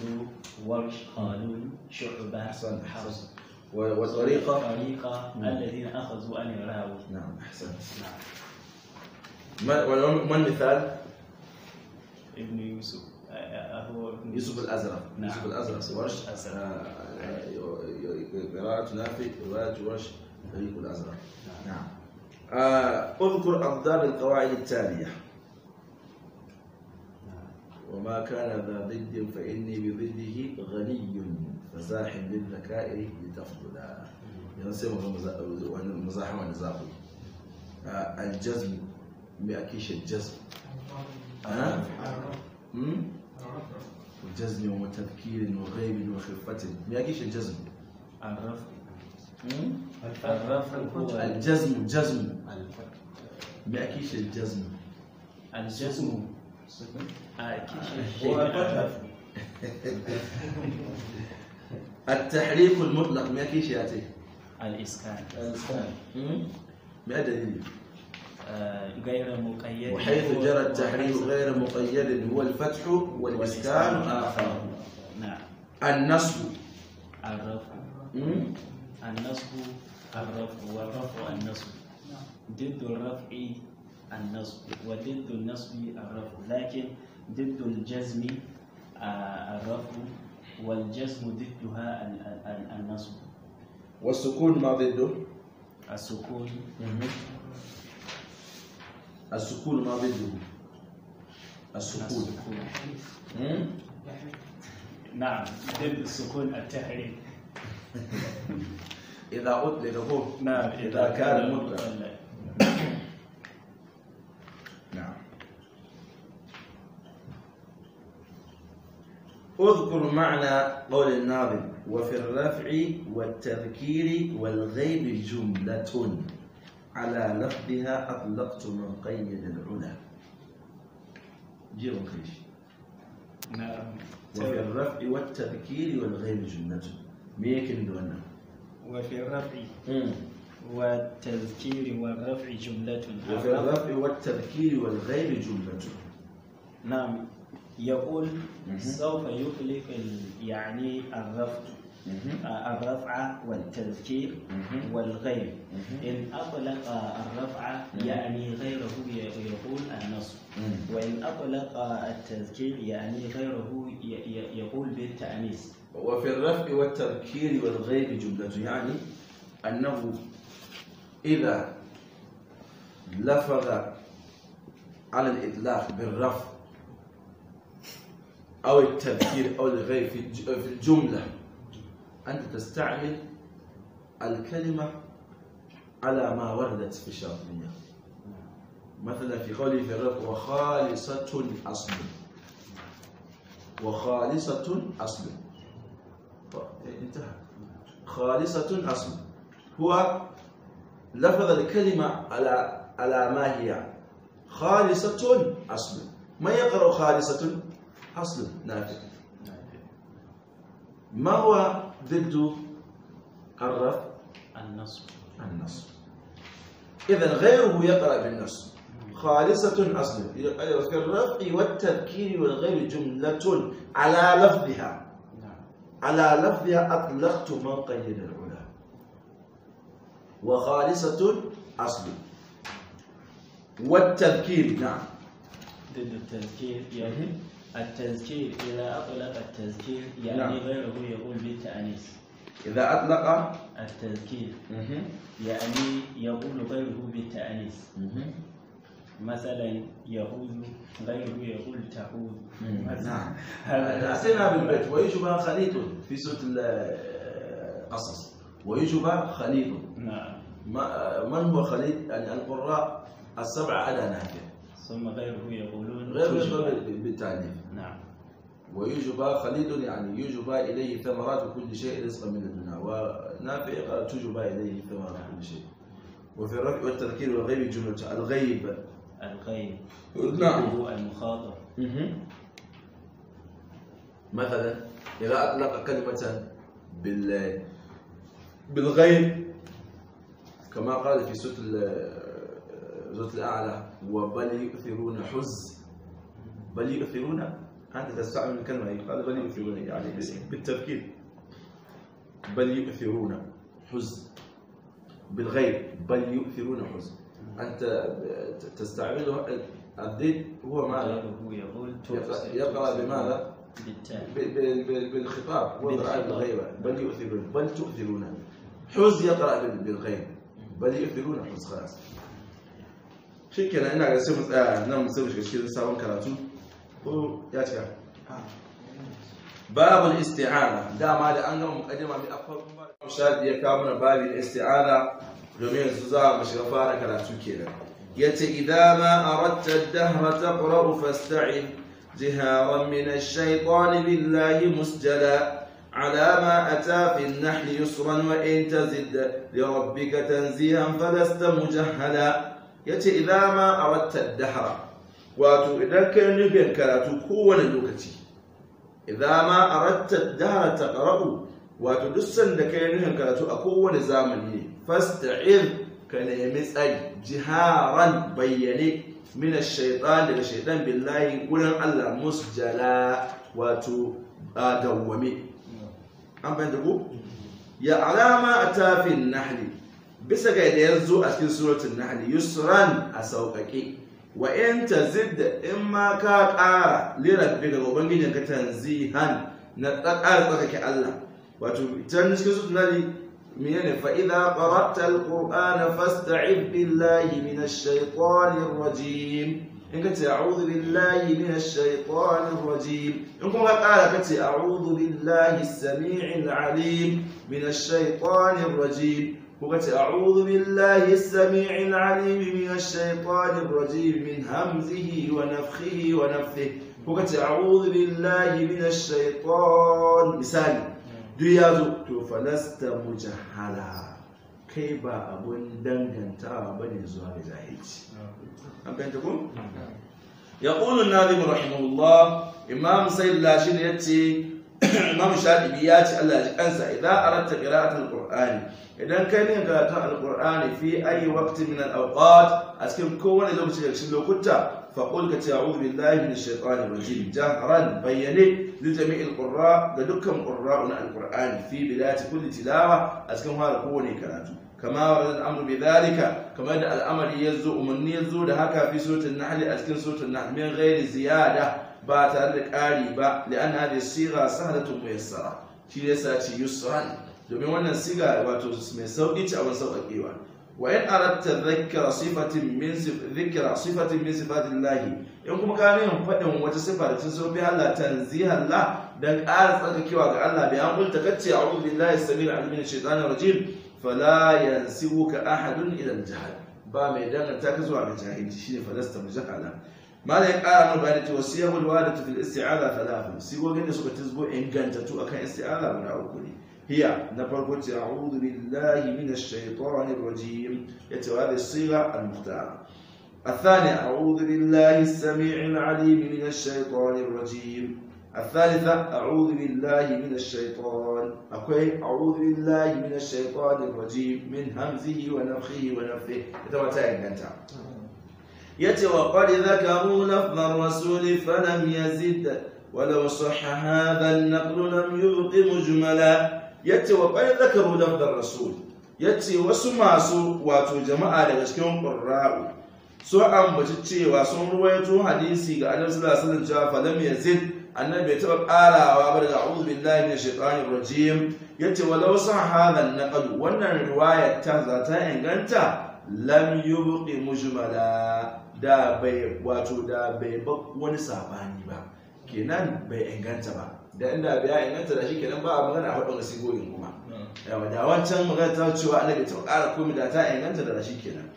B: ورش قانون شعبة حسن حسن وطريقة الذين أخذوا عن الراوي نعم أحسن
A: نعم ما المثال؟ ابن يوسف آه، آه، هو يوسف الازرق نعم. يوسف الازرق ورش آه، قراءة نافع رواية ورش فريق الازرق نعم, نعم. اذكر اقدار القواعد التالية نعم. وما كان ذا ضد فاني بضده غني فزاح للذكاء لتفضلا يعني سيما المزاحمة الجزم بأكيش الجزم ها؟ أه؟ أه؟ أه. وجزم وتذكير وغيب وخفة ما بأكيش الجزم الرفع الرفع الجزم جزم بأكيش الجزم الجزم أكيش الجزم التحريف المطلق ما كيش ياتي الإسكان الإسكان ما دليل غير مقيد وحيث جرى التحريف غير مقيد هو الفتح والإسكان آخر نعم النصب الرفع
B: النصب الرفع والرفع النصب ضد الرفع النصب وضد النصب الرفع لكن ضد الجزم آه، الرفع والجزم ضدها النصب
A: والسكون ما ضده؟ السكون السكون ما ضده السكون
B: نعم ضد السكون التحريك
A: إذا أطلق هو نعم إذا كان مطلقا نعم اذكر معنى قول الناظم وفي الرفع والتذكير والغيب جملة على لفظها أطلقت من قيد العلا جيرو خيش
B: نعم وفي الرفع والتذكير والغيب جنة ميك دونا وفي الرفع والتذكير والرفع جملة وفي الرفع والتذكير والغيب جملة نعم يقول سوف يخلف يعني الرفض آه، الرفع والتذكير والغير إن أطلق الرفع يعني غيره يقول النصب وإن أطلق التذكير
A: يعني غيره يقول بالتأنيس وفي الرفع والتذكير والغير جملة يعني أنه إذا لفظ على الإطلاق بالرفع أو التذكير أو الغير في الجملة أنت تستعمل الكلمة على ما وردت في الشرطية مثلا في قوله في الرب وخالصة أصل وخالصة أصل انتهى خالصة أصل هو لفظ الكلمة على على ما هي خالصة أصل ما يقرأ خالصة أصل نافع ما هو ضد قرر النصب النصب إذا غيره يقرأ بالنصب خالصة في كالرفع والتذكير والغير جملة على لفظها نعم. على لفظها أطلقت من قيد العلا وخالصة اصل والتذكير نعم ضد التذكير يعني
B: التذكير إذا أطلق التذكير يعني نعم. غيره يقول بالتأنيث إذا أطلق التذكير يعني يقول غيره بالتأنيث مثلا يقول غيره يقول تعود نعم
A: أتينا بالبيت ويجب خليط في سورة القصص ويجب خليط نعم من هو خليط؟ يعني القراء السبعة على نهجه ثم غيره يقولون غيره بالتعليم ويجبى خليل يعني يجبى إليه ثمرات كل شيء رزقا من الدنيا ونافع قال تجبى إليه ثمرات كل شيء وفي الرفع والتذكير والغيب جملة الغيب الغيب نعم المخاطر مثلا إذا أطلق كلمة بال بالغيب كما قال في سورة الأعلى وبل يؤثرون حز بل يؤثرون انت تستعمل الكلمة هي قال بل يؤثرون يعني بالتركيب بل يؤثرون حزن بالغير بل يؤثرون حزن أنت تستعمل الضد هو ماذا؟ هو يقول يقرأ بماذا؟ بالخطاب هو يقرأ بالغيبة بل يؤثرون بل تؤثرون حز يقرأ بالغيب بل يؤثرون حز خلاص شكرا انا ga sai mu tsaya nan mu sai mu Babu ya ce ah. babul isti'ana dama da an gama mukaddima bi akwai shadi ya kawo mana babin isti'ana domin yanzu za mu shiga fara karatu kenan yace idza ma aradta ad-dahra taqra'u fasta'in jiharan min ash-shaytan billahi musjada على ما أتى في النحل يسرا وإن تزد لربك تنزيها فلست مجهلا يتي إذا ما أردت الدهر wato idan kai nufin karatu kowane lokaci idan ma aratta dara ta qara'u wato duk sanda kai nufin karatu a kowane zamani ne fasta'id ka nemi tsari jiharan bayyane min ash daga shaytan billahi gurin Allah musjala wato dawwame an ya alama a tafin nahli bisa ga da yanzu a cikin suratun nahli yusran a sauƙaƙe wa in tazid in ma ka ƙara lirabbi ka ubangijinka tanzihan na tsakar tsakake Allah wato can cikin su tunani menene fa idza qara'ta alqur'ana fasta'id billahi minash shaitanir rajim in ka ce a billahi minash shaitanir rajim in kuma ƙara ka ce a billahi as alim minash shaitanir rajim وقت أعوذ بالله السميع العليم من الشيطان الرجيم من همزه ونفخه ونفثه وقت أعوذ بالله من الشيطان مثال ديازو فلست مجهلا kai ba abun dangantawa ba ne zuwa ga jahilci an fahimta ku ya ƙulun nazim rahimahullah imam sayyid lashi ne ya ce imam shadibi ya ce Allah ya ji kansa idan aratta qira'atul qur'ani idan kai ne karatun alqur'ani fi ayi waqti min al-awqat askin kowane lokaci da cikin lokuta fa qul ka ta'udhu billahi minash shaitanir rajim jahran bayyane li jami'il qurra ga dukkan qurra'un alqur'ani fi bidayati kulli tilawa a cikin fara kowane karatu kama warad al-amru bi dhalika kamar da al'amari yazo umanni yazo da haka fi suratul nahl askin cikin suratul nahl min ghairi ziyada ba tare da ƙari ba da an hada siga sahalatun muyassara shi ne sa ce yusran domin wannan siga wato mai sauƙi ce abin sauƙaƙewa wa in aratta dhikra sifatin min dhikra sifatin min sifatillahi in kuma ka nuna faɗin wata sifa da ta so bi Allah tanzihan la dan ƙara tsakakewa ga Allah bi an gulta kace a'udhu billahi samir alim min rajim fala yansibuka ahadun ila al ba mai danganta ka zuwa ga jahilci shine falasta mujahala مالك يقال عن الوالدة وصيه الوالدة في الاستعارة ثلاثة سيقول قلنا سوف تزبو إن جنتو أكن استعالة من أوكولي هي نبر قلت أعوذ بالله من الشيطان الرجيم يتو هذه الصيغة المختارة الثانية أعوذ بالله السميع العليم من الشيطان الرجيم الثالثة أعوذ بالله من الشيطان أكوين أعوذ بالله من الشيطان الرجيم من همزه ونفخه ونفه يتو تاين جنتو yace wa qad dhakaru lafdha rasuli falam yazid walau sahha hadha an-naql lam yubqi mujmala yace wa qad dhakaru lafdha rasul yace wasu masu wato jama'a daga cikin qurra'u so ambaci cewa sun ruwaito hadisi ga annabi sallallahu alaihi wasallam cewa falam yazid annabi bai taba karawa ba daga a'udhu billahi minash shaitanir rajim yace walau sa hadha an wannan riwaya ta za ta inganta la yubqi mujmala da bai wato da bai ba wani sabani ba kenan bai inganta ba da inda bai ya inganta da shi kenan ba a magana a faɗin sigogin kuma yawa da wancan magana ta cewa annabi ta ƙara komai da ta inganta da shi kenan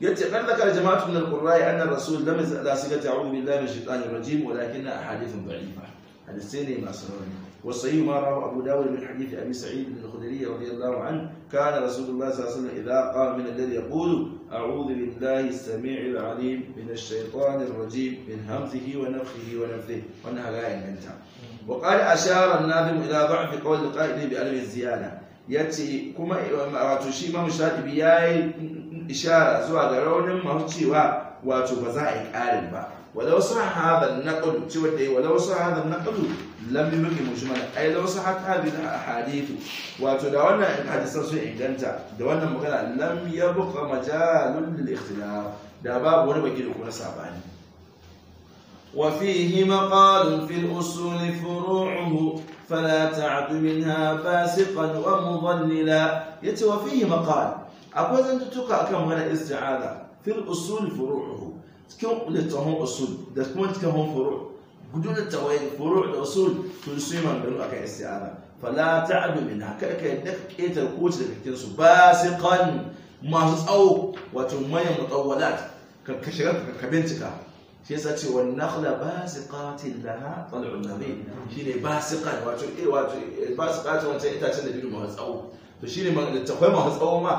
A: yace kan laka jama'atu min al-qurra'i anna rasul lam yasda sigata a'udhu billahi minash shaitanir rajim walakinna ahadithun da'ifa hadisai ne masu rauni wasu yi mara wa abu dawud min hadithi abi sa'id bin khudri radiyallahu an kana rasulullah sallallahu alaihi wasallam idza qama min alladhi yaqulu a'udhu billahi as-sami'il 'alim min rajim min hamzihi wa nafthihi wa nafthihi wannan haga inganta wa qala ashara an-nazim yace kuma wato shi ma mushadibi yayi ishara zuwa ga raunin mahucewa wato ba za a yi ƙarin ba ولو صح هذا النقل شوتي ولو صح هذا النقل لم يمكن مجملا اي لو صحت هذه الاحاديث وتداولنا الحديث الصحيح انجنتا دولنا مغنى لم يبقى مجال للاختلاف ده باب ولا بكير كنا سابعني وفيه مقال في الاصول فروعه فلا تعد منها فاسقا ومضللا يتوفيه مقال اقوى ان تتوقع كم غنى استعاذه في الاصول فروعه cikin littafin usul da kuma cikin furu gudu da tawayin furu da usul tun su yi mangaru akan isti'ana fala ta'adu min haka ka yadda ka ketar kowace daga cikin su ba sai kan masu tsawo wato mayan mutawwalat ka ka bincika shi yasa ce wan nakhla basiqatin laha tal'un nabi shine basiqan wato eh wato eh, basiqatin wancan itacen da bidu tsawo tsawo ma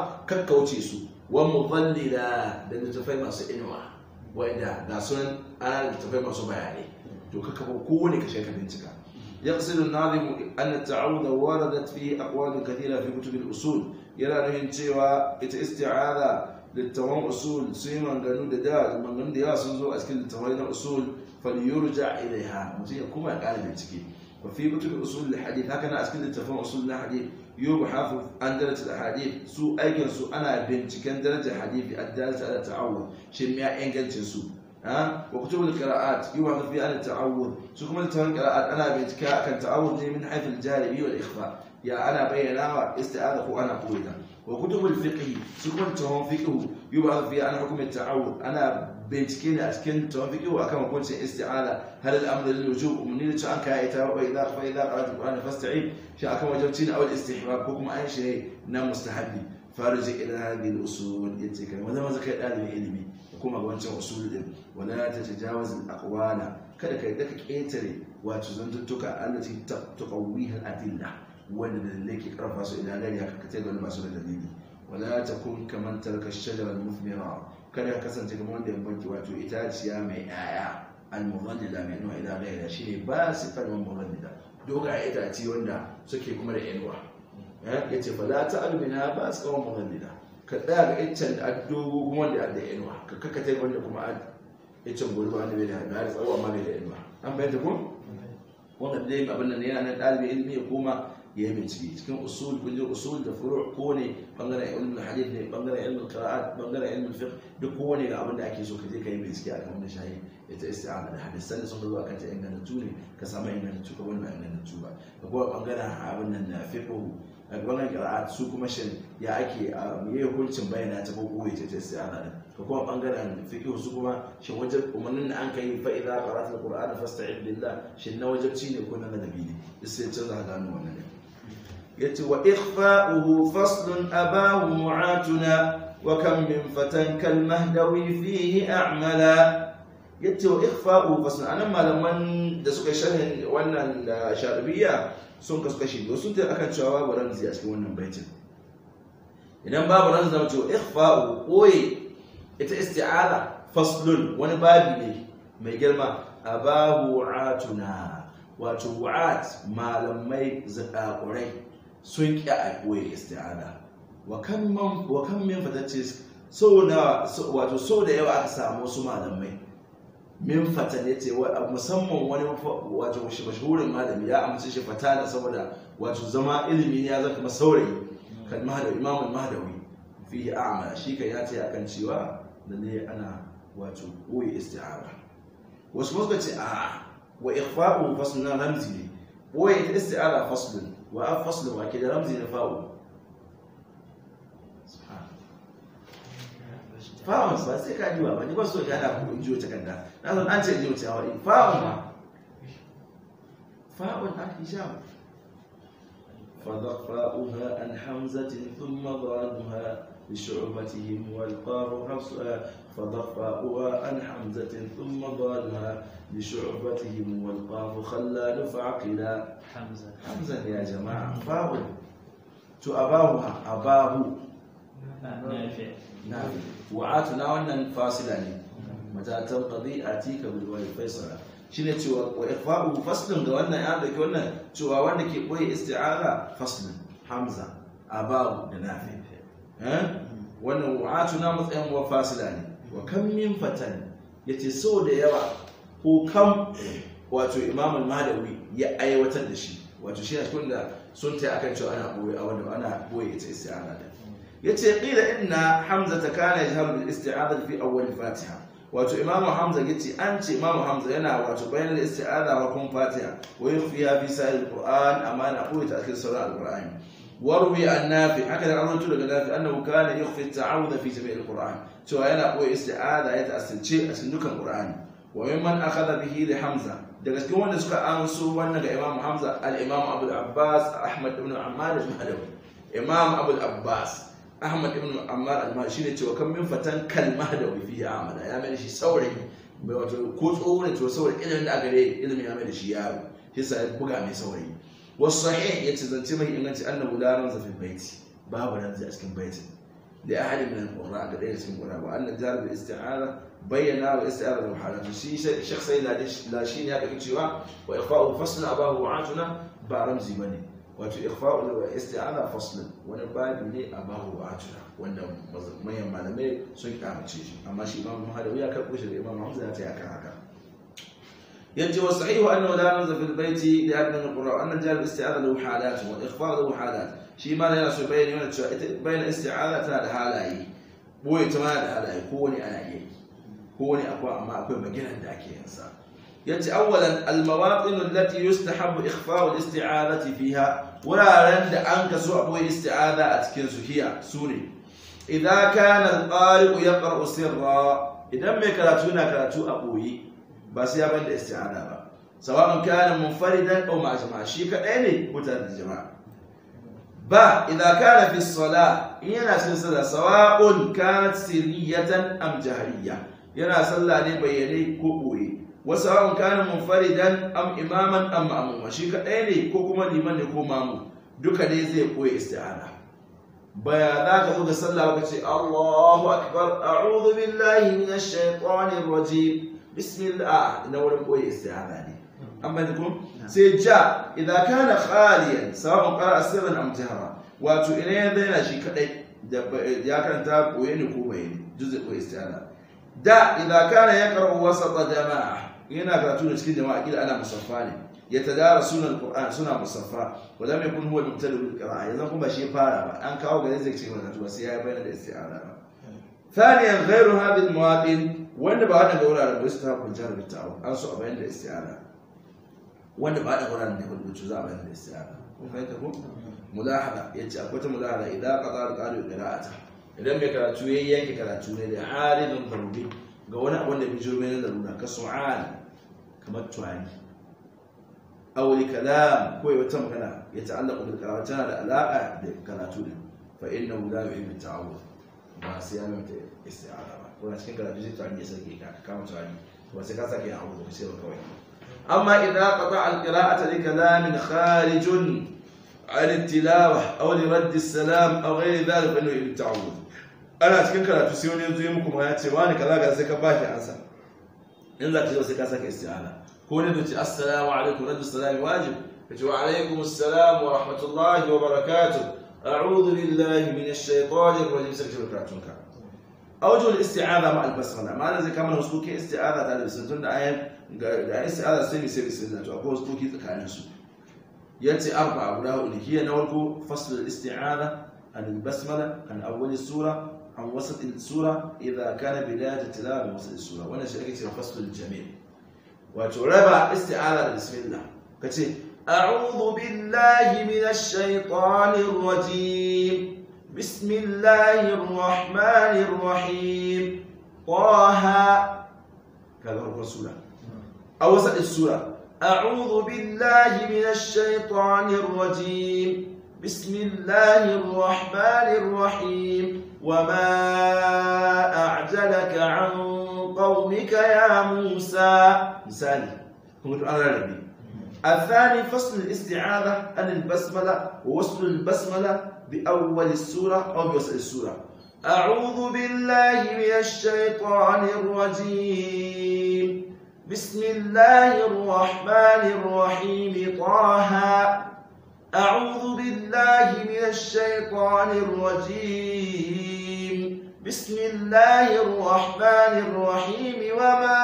A: su wa mudallila da tafai masu inuwa wa'anda ga sunan ana littattafai masu bayanai to ka kafa kowane kashe ka bincika يقصد الناظم أن التعوذ وردت فيه أقوال fi في كتب الأصول يرى نهين cewa ita isti'aza littawan usul sun yi manganu da da manganu da yawa sun zo a cikin littawai na usul falyurja ilaiha mutum ya kuma ya ƙara bincike wa fi kutub usul hadith haka na a cikin littafin usul na hadith يبحث عن درجة الحديث سو أجل سو أنا بنتكن درجة الحديث الدالة على التعوض شميع إنجل سو ها وكتب القراءات يبحث في عن التعود سو كما القراءات أنا بنتكا كان تعودني من حيث الجالبية والإخفاء يا أنا بين أنا استعاذة وأنا قوية وكتب الفقه سو كما فقه يبحث في عن حكم التعود أنا bincike ne a cikin tawfiqi akan hukuncin isti'ana hal al-amru lil wujub umni ne an kai ita wa idza fa idza qara'ta qurana fasta'in shi akan wajibci ne awal istihbab ko kuma an shi na mustahabbi farji ila hadhihi al-usul yace kai wanda maza kai dalibin ilimi kuma ga wancan usul din wala tatajawaz al-aqwala kada kai daka ketare wato zantuttuka allati tuqawwiha al-adilla wanda dalilai ke karfa su ila gari haka kai ga masu da dalili wala takun kaman tarka shajara al-muthmira kada ka kasance kamar wanda ya banki wato itaciya mai yaya al-mudallila mai nuna ila gaira shine ba sifar mudallila dogaye itaci wanda suke kuma da yanuwa eh, ya ce fala ta almina ba su kawo mudallila ka tsaya ga iccen da dogo kuma wanda da yanuwa ka kakkatai wanda kuma an iccen gurba wanda bai da hannu da tsawon amma bai da yanuwa an bayyana ko wannan dai abin nan yana nan ɗalibin ilimi ya koma ya bincike cikin usul kungiyar usul da furu ko ne bangare ilmin hadith ne bangare ilmin qira'at bangare ilmin fiqh duk ko ne ga abin da ake so ka je ka yi bincike akan wannan shahi ta isti'ana da hadith da sun zo akan ta ingantattu ne ka samu ingantattu tuka wannan ba ingantattu tuba da kuma bangare abin nan na fiqh bangaren qira'at su kuma shin ya ake yi hukuncin bayyana ta ko koyi ta isti'ana da ka kuma bangare fiqh su kuma shin wajen umarnin da an kai fa idza qara'ta al-qur'ana fasta'in billah shin na wajibci ne ko na nabi ne sai ya canza gano wannan ne ya ce wa ikfa'uhu faslun abahu mu'atuna wa kan min fatan kalmahdawi fihi a'mala ya ce wa ikfa'uhu faslun anan malaman da suka sharhin wannan da sharabiya sun kasu kashi biyu sun ta akan cewa babu ramzi a cikin wannan baitin idan babu ramzi zama cewa ikfa'u koye ita isti'ala faslun wani babi ne mai girma a babu wato wa'at malamai zakakurai sun ƙi a ɓoye isti'ana wa kan min fatacce so wato so da yawa aka samu su malamai min fata ne ce musamman wani wato mashahurin malami ya amince shi da saboda wato zama ilimi ya zama kuma saurayi kan mahadawi imamun mahadawi fi a'ma shi kan ya ce kan cewa ne ana wato ɓoye isti'ana wasu masu ce a wa ikhfa'u faslun ramzi ne ɓoye ta isti'ana واف فصل كده رمز لفاول فاهم بس هيك إيه اجوا ما نبغى سوي هذا نجوا تكندا لازم انت نجوا تاوي فاهم فاول اكل جاب فضق فاؤها عن حمزه ثم ضادها لشعوبتهم والقار نفسها فضفاؤها عن حمزة ثم ضالها لشعوبتهم والقاف خلال فعقلا حمزة حمزة يا جماعة فاول تأباهها أباه نافع نافع وعاتنا وانا فاصلة متى تنقضي آتيك بالواي فيصلة shine cewa wa ikhfa'u faslun ga wannan ya dauki كي cewa wanda ke koyi isti'aza faslun wannan na matsayin wa fasila ne wa kan min fatan yace sau da yawa ko kam wato imamun ya aiwatar da shi wato shi ne da sun ta akan cewa ana boye a wanda ana boye ita isti'ana da Ya ce ƙila inna hamza ta kana yajharu bil isti'adha fi awwal fatiha wato imam hamza ya ce an ce imam hamza yana wato bayan da isti'adha wa kun fatiha wa yukhfiha fi sa'il qur'an amma na koyi ta sauran al warwi an hakan haka da an daga nafi annahu kana yakhfi ta'awudha fi sami'il qur'an cewa yana koyi isti'aza ya ta'assance a sundukan qur'ani wa mimman akhadha bihi li hamza daga cikin wanda suka anso wannan ga imam hamza al-imam abu abbas ahmad ibn ammar al-mahlawi imam abu abbas ahmad ibn ammar al-mahlawi shine cewa kan min fatan kalma da fi amala ya mai shi saurayi bai wato ko tsohon ne to saurayi ilimin da aka yi ilimin ya mai da shi yaro shi sa ya buga mai saurayi wasu sahih ya ce zance mai inganci annabu la ranza fil baiti babu ranzi a cikin baiti da ahadi min al-qurra ga cikin qurra wa annal jar bil isti'ara bayyana wa isti'ara da halatu shi shakhsa ila la shi ne ya kace cewa wa ikhfa'u a abahu wa'atuna ba ne. bane wato ikhfa'u wa isti'ara fasl wani babu ne abahu wa'atuna wanda manyan malamai sun kamace amma shi imamu ya karbo shi da hamza ya ta akan haka ينجي والصحيح انه لا ننزل في البيت لابن القراء ان جاب الاستعاذه له حالات واخفاض له حالات شي ما لا بين بين استعاذه هذا هالاي بوي تما هذا هالاي كوني انا هيك كوني اكو ما اكو مجال عندك يا انسان ينجي اولا المواطن التي يستحب اخفاء الاستعاذه فيها ولا رند انك سوء بوي الاستعاذه اتكن هي سوري اذا كان القارئ يقرا سرا اذا ما karatu yana karatu a ba sai ya da isti'ana ba sawa'un kana munfaridan aw ma'a shi kadai ne ko da jama'a ba idan kana fi sala in yana cikin sallah sawa'un kanat sirriyatan am jahriyya yana sallah ne bayyane ko boye wa sawa'un kana munfaridan am imaman am ma'muma shi kadai ne ko kuma liman ne ko mamu duka ne zai koyi isti'ana baya za ka zo da sallah ka ce Allahu akbar a'udhu billahi minash shaitanir rajim بسم الله إنه لم أوي استعمالي يعني. أما لكم نعم. سجاء إذا كان خاليا سواء قرأ سرا أم جهرا واتو إليه ذينا شي كدي يا كان تاب وين وين جزء واستعمال دا إذا كان يقرأ وسط جماعة هنا كراتون سكين جماعة كده أنا مصفاني سنة القرآن سنة مصفاة ولم يكن هو المبتدئ بالقراءة إذا قم بشيء فارا أن كاو جزء شيء ولا تبصي بين الاستعارة نعم. ثانيا غير هذه المواطن wanda ba waɗanda wuraren da su ta kun jihar ba an so a bayan da istiyara wanda ba waɗanda wuraren da ya rubutu za a bayan da istiyara kun fahimta ko mulahada ya ce akwai ta mulahada idan ka tsara ƙari ƙira'ata idan mai karatu ya yanke karatu ne da harinin barbe ga wani abin da bijiro mai da luna kaso su'al kamar tuwani wuri kalam ko wata magana ya ta'allaka da kalam tana da alaƙa da karatu ne fa innahu la mai ta'awud ba su ya ta isti'ara ba kuna cikin karatu sai tari ya sarki ka kama tari ba sai ka sake a hudu sai ba kawai amma idan qata al qira'ata li kalamin kharijun عن التلاوة أو لرد السلام أو غير ذلك فإنه يتعوذ أنا cikin karatu sai wani yanzu ya muku ma ya ce wani kaza ga sai ka baki ansa in za ka ce sai ka saka isti'ala ko ne da ce assalamu alaikum raddu salami wajib ka ce wa alaikum assalam wa rahmatullahi wa barakatuh a'udhu billahi minash shaitanir rajim sai ka ce karatunka aujul isti'aza ma al-basmala ma'ana zai kama huskokin isti'aza tare da bismillah tun da ayan da isti'aza sai mi sai bismillah to akwai huskoki tsakanin su yace arba guda hudu hiya na farko fasl al-isti'aza an al-basmala an awwal sura an wasat al-sura idha kana bidayat al-tilawa min wasat al-sura wannan shi ake cewa fasl al-jamil wato raba isti'aza da bismillah kace a'udhu billahi minash shaitanir rajim بسم الله الرحمن الرحيم طه كذا الرسول أو السورة أعوذ بالله من الشيطان الرجيم بسم الله الرحمن الرحيم وما أعجلك عن قومك يا موسى مثالي قلت أنا ربي الثاني فصل الاستعاذة عن البسملة ووصل البسملة بأول السورة أو بوسط السورة أعوذ بالله من الشيطان الرجيم بسم الله الرحمن الرحيم طه أعوذ بالله من الشيطان الرجيم بسم الله الرحمن الرحيم وما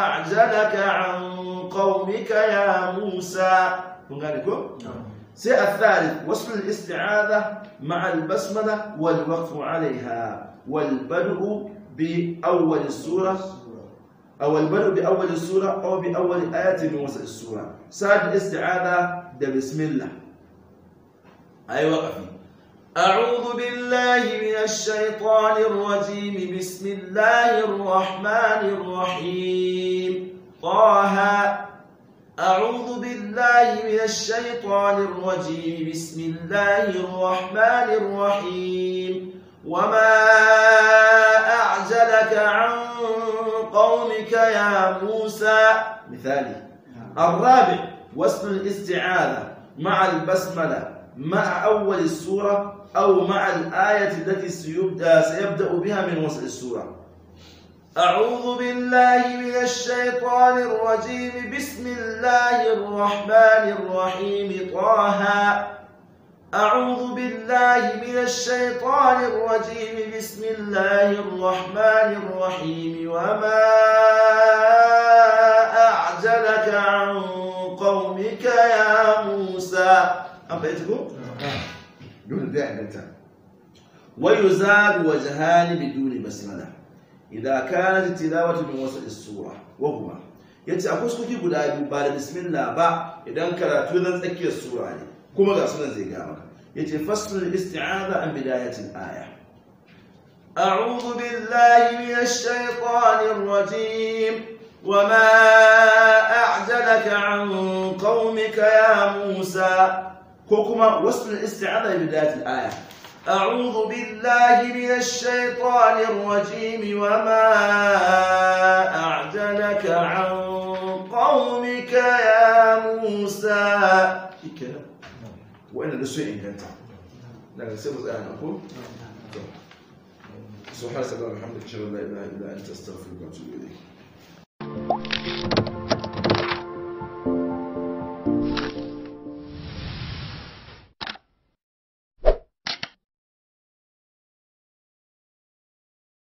A: أعجلك عن قومك يا موسى هنالكم؟ نعم سي الثالث وصل الاستعاذة مع البسملة والوقف عليها والبدء بأول السورة أو البدء بأول السورة أو بأول آية من وسط السورة ساد الاستعاذة ده بسم الله أي وقف أعوذ بالله من الشيطان الرجيم بسم الله الرحمن الرحيم طه أعوذ بالله من الشيطان الرجيم بسم الله الرحمن الرحيم وما أعجلك عن قومك يا موسى مثالي الرابع واسم الاستعانة مع البسملة مع أول السورة أو مع الآية التي سيبدأ, سيبدأ بها من وسط السورة أعوذ بالله من الشيطان الرجيم بسم الله الرحمن الرحيم طه أعوذ بالله من الشيطان الرجيم بسم الله الرحمن الرحيم وما أعجلك عن قومك يا موسى أبيتكم؟ دون آه. ويزاد وجهان بدون بسمله idan kanat tilawatu min wasa as-sura wa huma yace a kusku guda biyu ba da bismillah ba idan karatu dan tsakiyar sura ne kuma ga sunan zai ga maka yace fasl al-isti'aza an bidayatil aya a'udhu billahi minash shaytanir rajim wa ma a'jalaka an ya musa ko kuma wasl al-isti'aza bidayatil aya أعوذ بالله من الشيطان الرجيم وما أعجلك عن قومك يا موسى الكلام وإن الأسوء إن كانت لا نسيب الآن أقول سبحانك اللهم وبحمدك أشهد الله لا إله إلا أنت أستغفرك وأتوب إليك